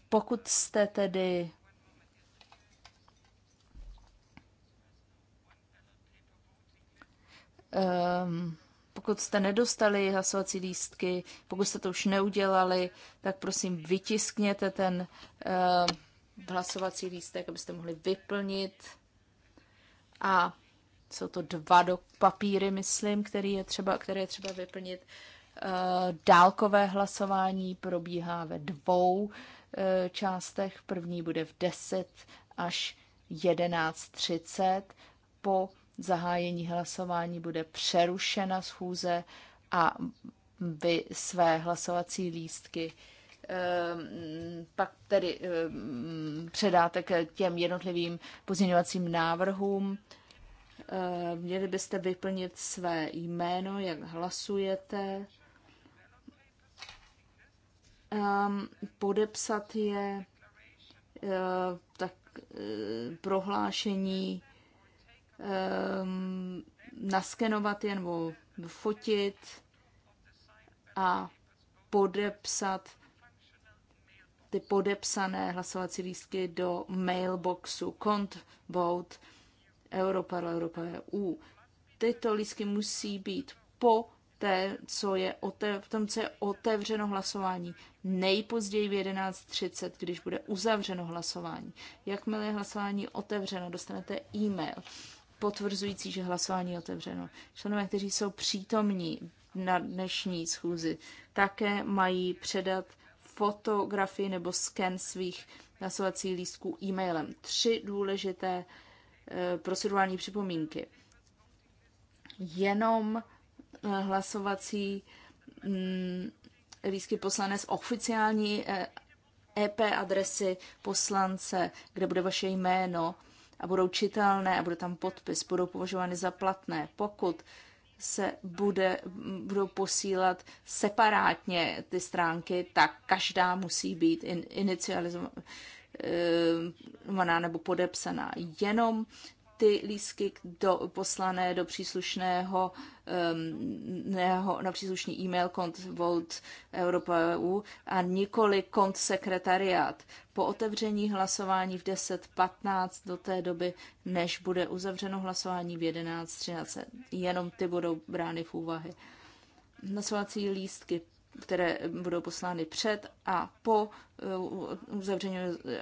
Pokud jste tedy um, pokud jste nedostali hlasovací lístky, pokud jste to už neudělali, tak prosím vytiskněte ten uh, hlasovací lístek, abyste mohli vyplnit. A jsou to dva do papíry, myslím, který je třeba, které je třeba vyplnit. Uh, dálkové hlasování probíhá ve dvou uh, částech. První bude v 10 až 11.30 po zahájení hlasování bude přerušena schůze a vy své hlasovací lístky ehm, pak tedy ehm, předáte k těm jednotlivým pozměňovacím návrhům. Ehm, měli byste vyplnit své jméno, jak hlasujete, podepsat je eh, tak eh, prohlášení um, naskenovat je nebo fotit a podepsat ty podepsané hlasovací lístky do mailboxu Cont vote Europa Europa EU. Tyto lístky musí být po té, co je otev, v tom, co je otevřeno hlasování, nejpozději v 11.30, když bude uzavřeno hlasování. Jakmile je hlasování otevřeno, dostanete e-mail potvrzující, že hlasování je otevřeno. Členové, kteří jsou přítomní na dnešní schůzi, také mají předat fotografii nebo sken svých hlasovacích lístků e-mailem. Tři důležité e, procedurální připomínky. Jenom eh, hlasovací mm, lístky poslanec oficiální eh, e, EP adresy poslance, kde bude vaše jméno, a budou čitelné a bude tam podpis, budou považovány za platné. Pokud se bude, budou posílat separátně ty stránky, tak každá musí být in, inicializovaná eh, nebo podepsaná. Jenom ty lísky do, poslané do příslušného um, na příslušný e-mail kont Volt Europa EU a nikoli kont sekretariát. Po otevření hlasování v 10.15 do té doby, než bude uzavřeno hlasování v 11.13. Jenom ty budou brány v úvahy. Hlasovací lístky které budou poslány před a po eh, uzavření,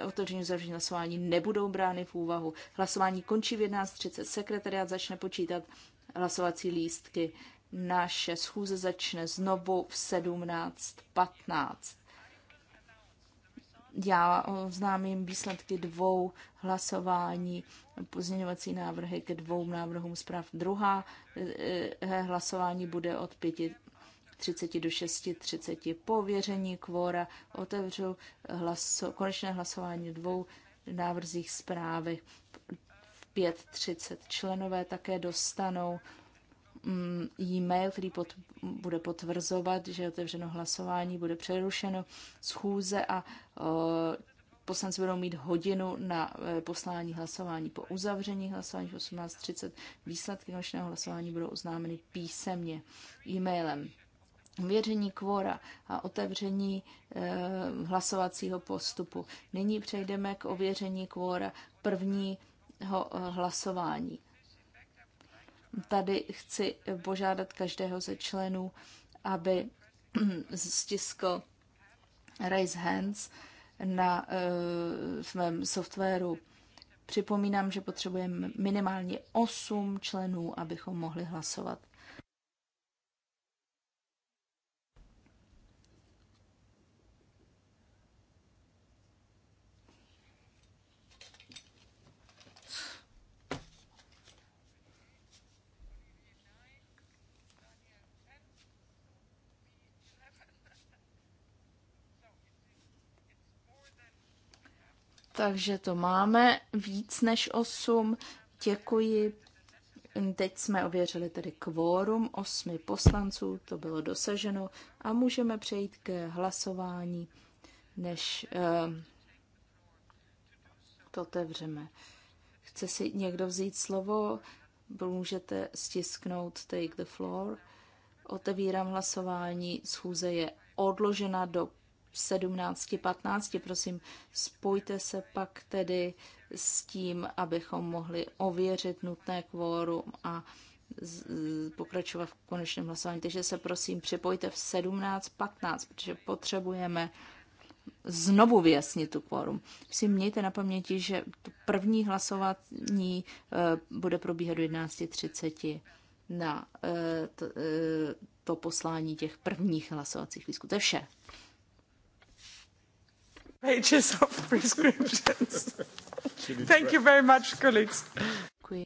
otevření uzavření hlasování nebudou brány v úvahu. Hlasování končí v 11.30. sekretariat začne počítat hlasovací lístky. Naše schůze začne znovu v 17.15. Já oznámím výsledky dvou hlasování, pozměňovací návrhy ke dvou návrhům zpráv. Druhá eh, hlasování bude od 5. 30 do 6, 30 pověření kvóra. Otevřu hlaso, konečné hlasování dvou návrzích zprávy. 5.30 členové také dostanou mm, e-mail, který pod, bude potvrzovat, že otevřeno hlasování bude přerušeno schůze a o, poslanci budou mít hodinu na e, poslání hlasování po uzavření hlasování v 18.30. Výsledky konečného hlasování budou oznámeny písemně e-mailem. Věření kvora a otevření eh, hlasovacího postupu. Nyní přejdeme k ověření kvora prvního eh, hlasování. Tady chci požádat každého ze členů, aby stiskl Raise Hands na e, eh, svém softwaru. Připomínám, že potřebujeme minimálně 8 členů, abychom mohli hlasovat. Takže to máme víc než 8. Děkuji. Teď jsme ověřili tedy kvórum 8 poslanců, to bylo dosaženo a můžeme přejít k hlasování, než eh, to otevřeme. Chce si někdo vzít slovo? Můžete stisknout Take the Floor. Otevírám hlasování. Schůze je odložena do 17.15. Prosím, spojte se pak tedy s tím, abychom mohli ověřit nutné kvórum a pokračovat v konečném hlasování. Takže se prosím připojte v 17.15, protože potřebujeme znovu vyjasnit tu kvorum. Si mějte na paměti, že to první hlasování eh, bude probíhat do 11.30 na eh, to, eh, to poslání těch prvních hlasovacích lístků. To je vše pages of prescriptions. Thank you very much, colleagues.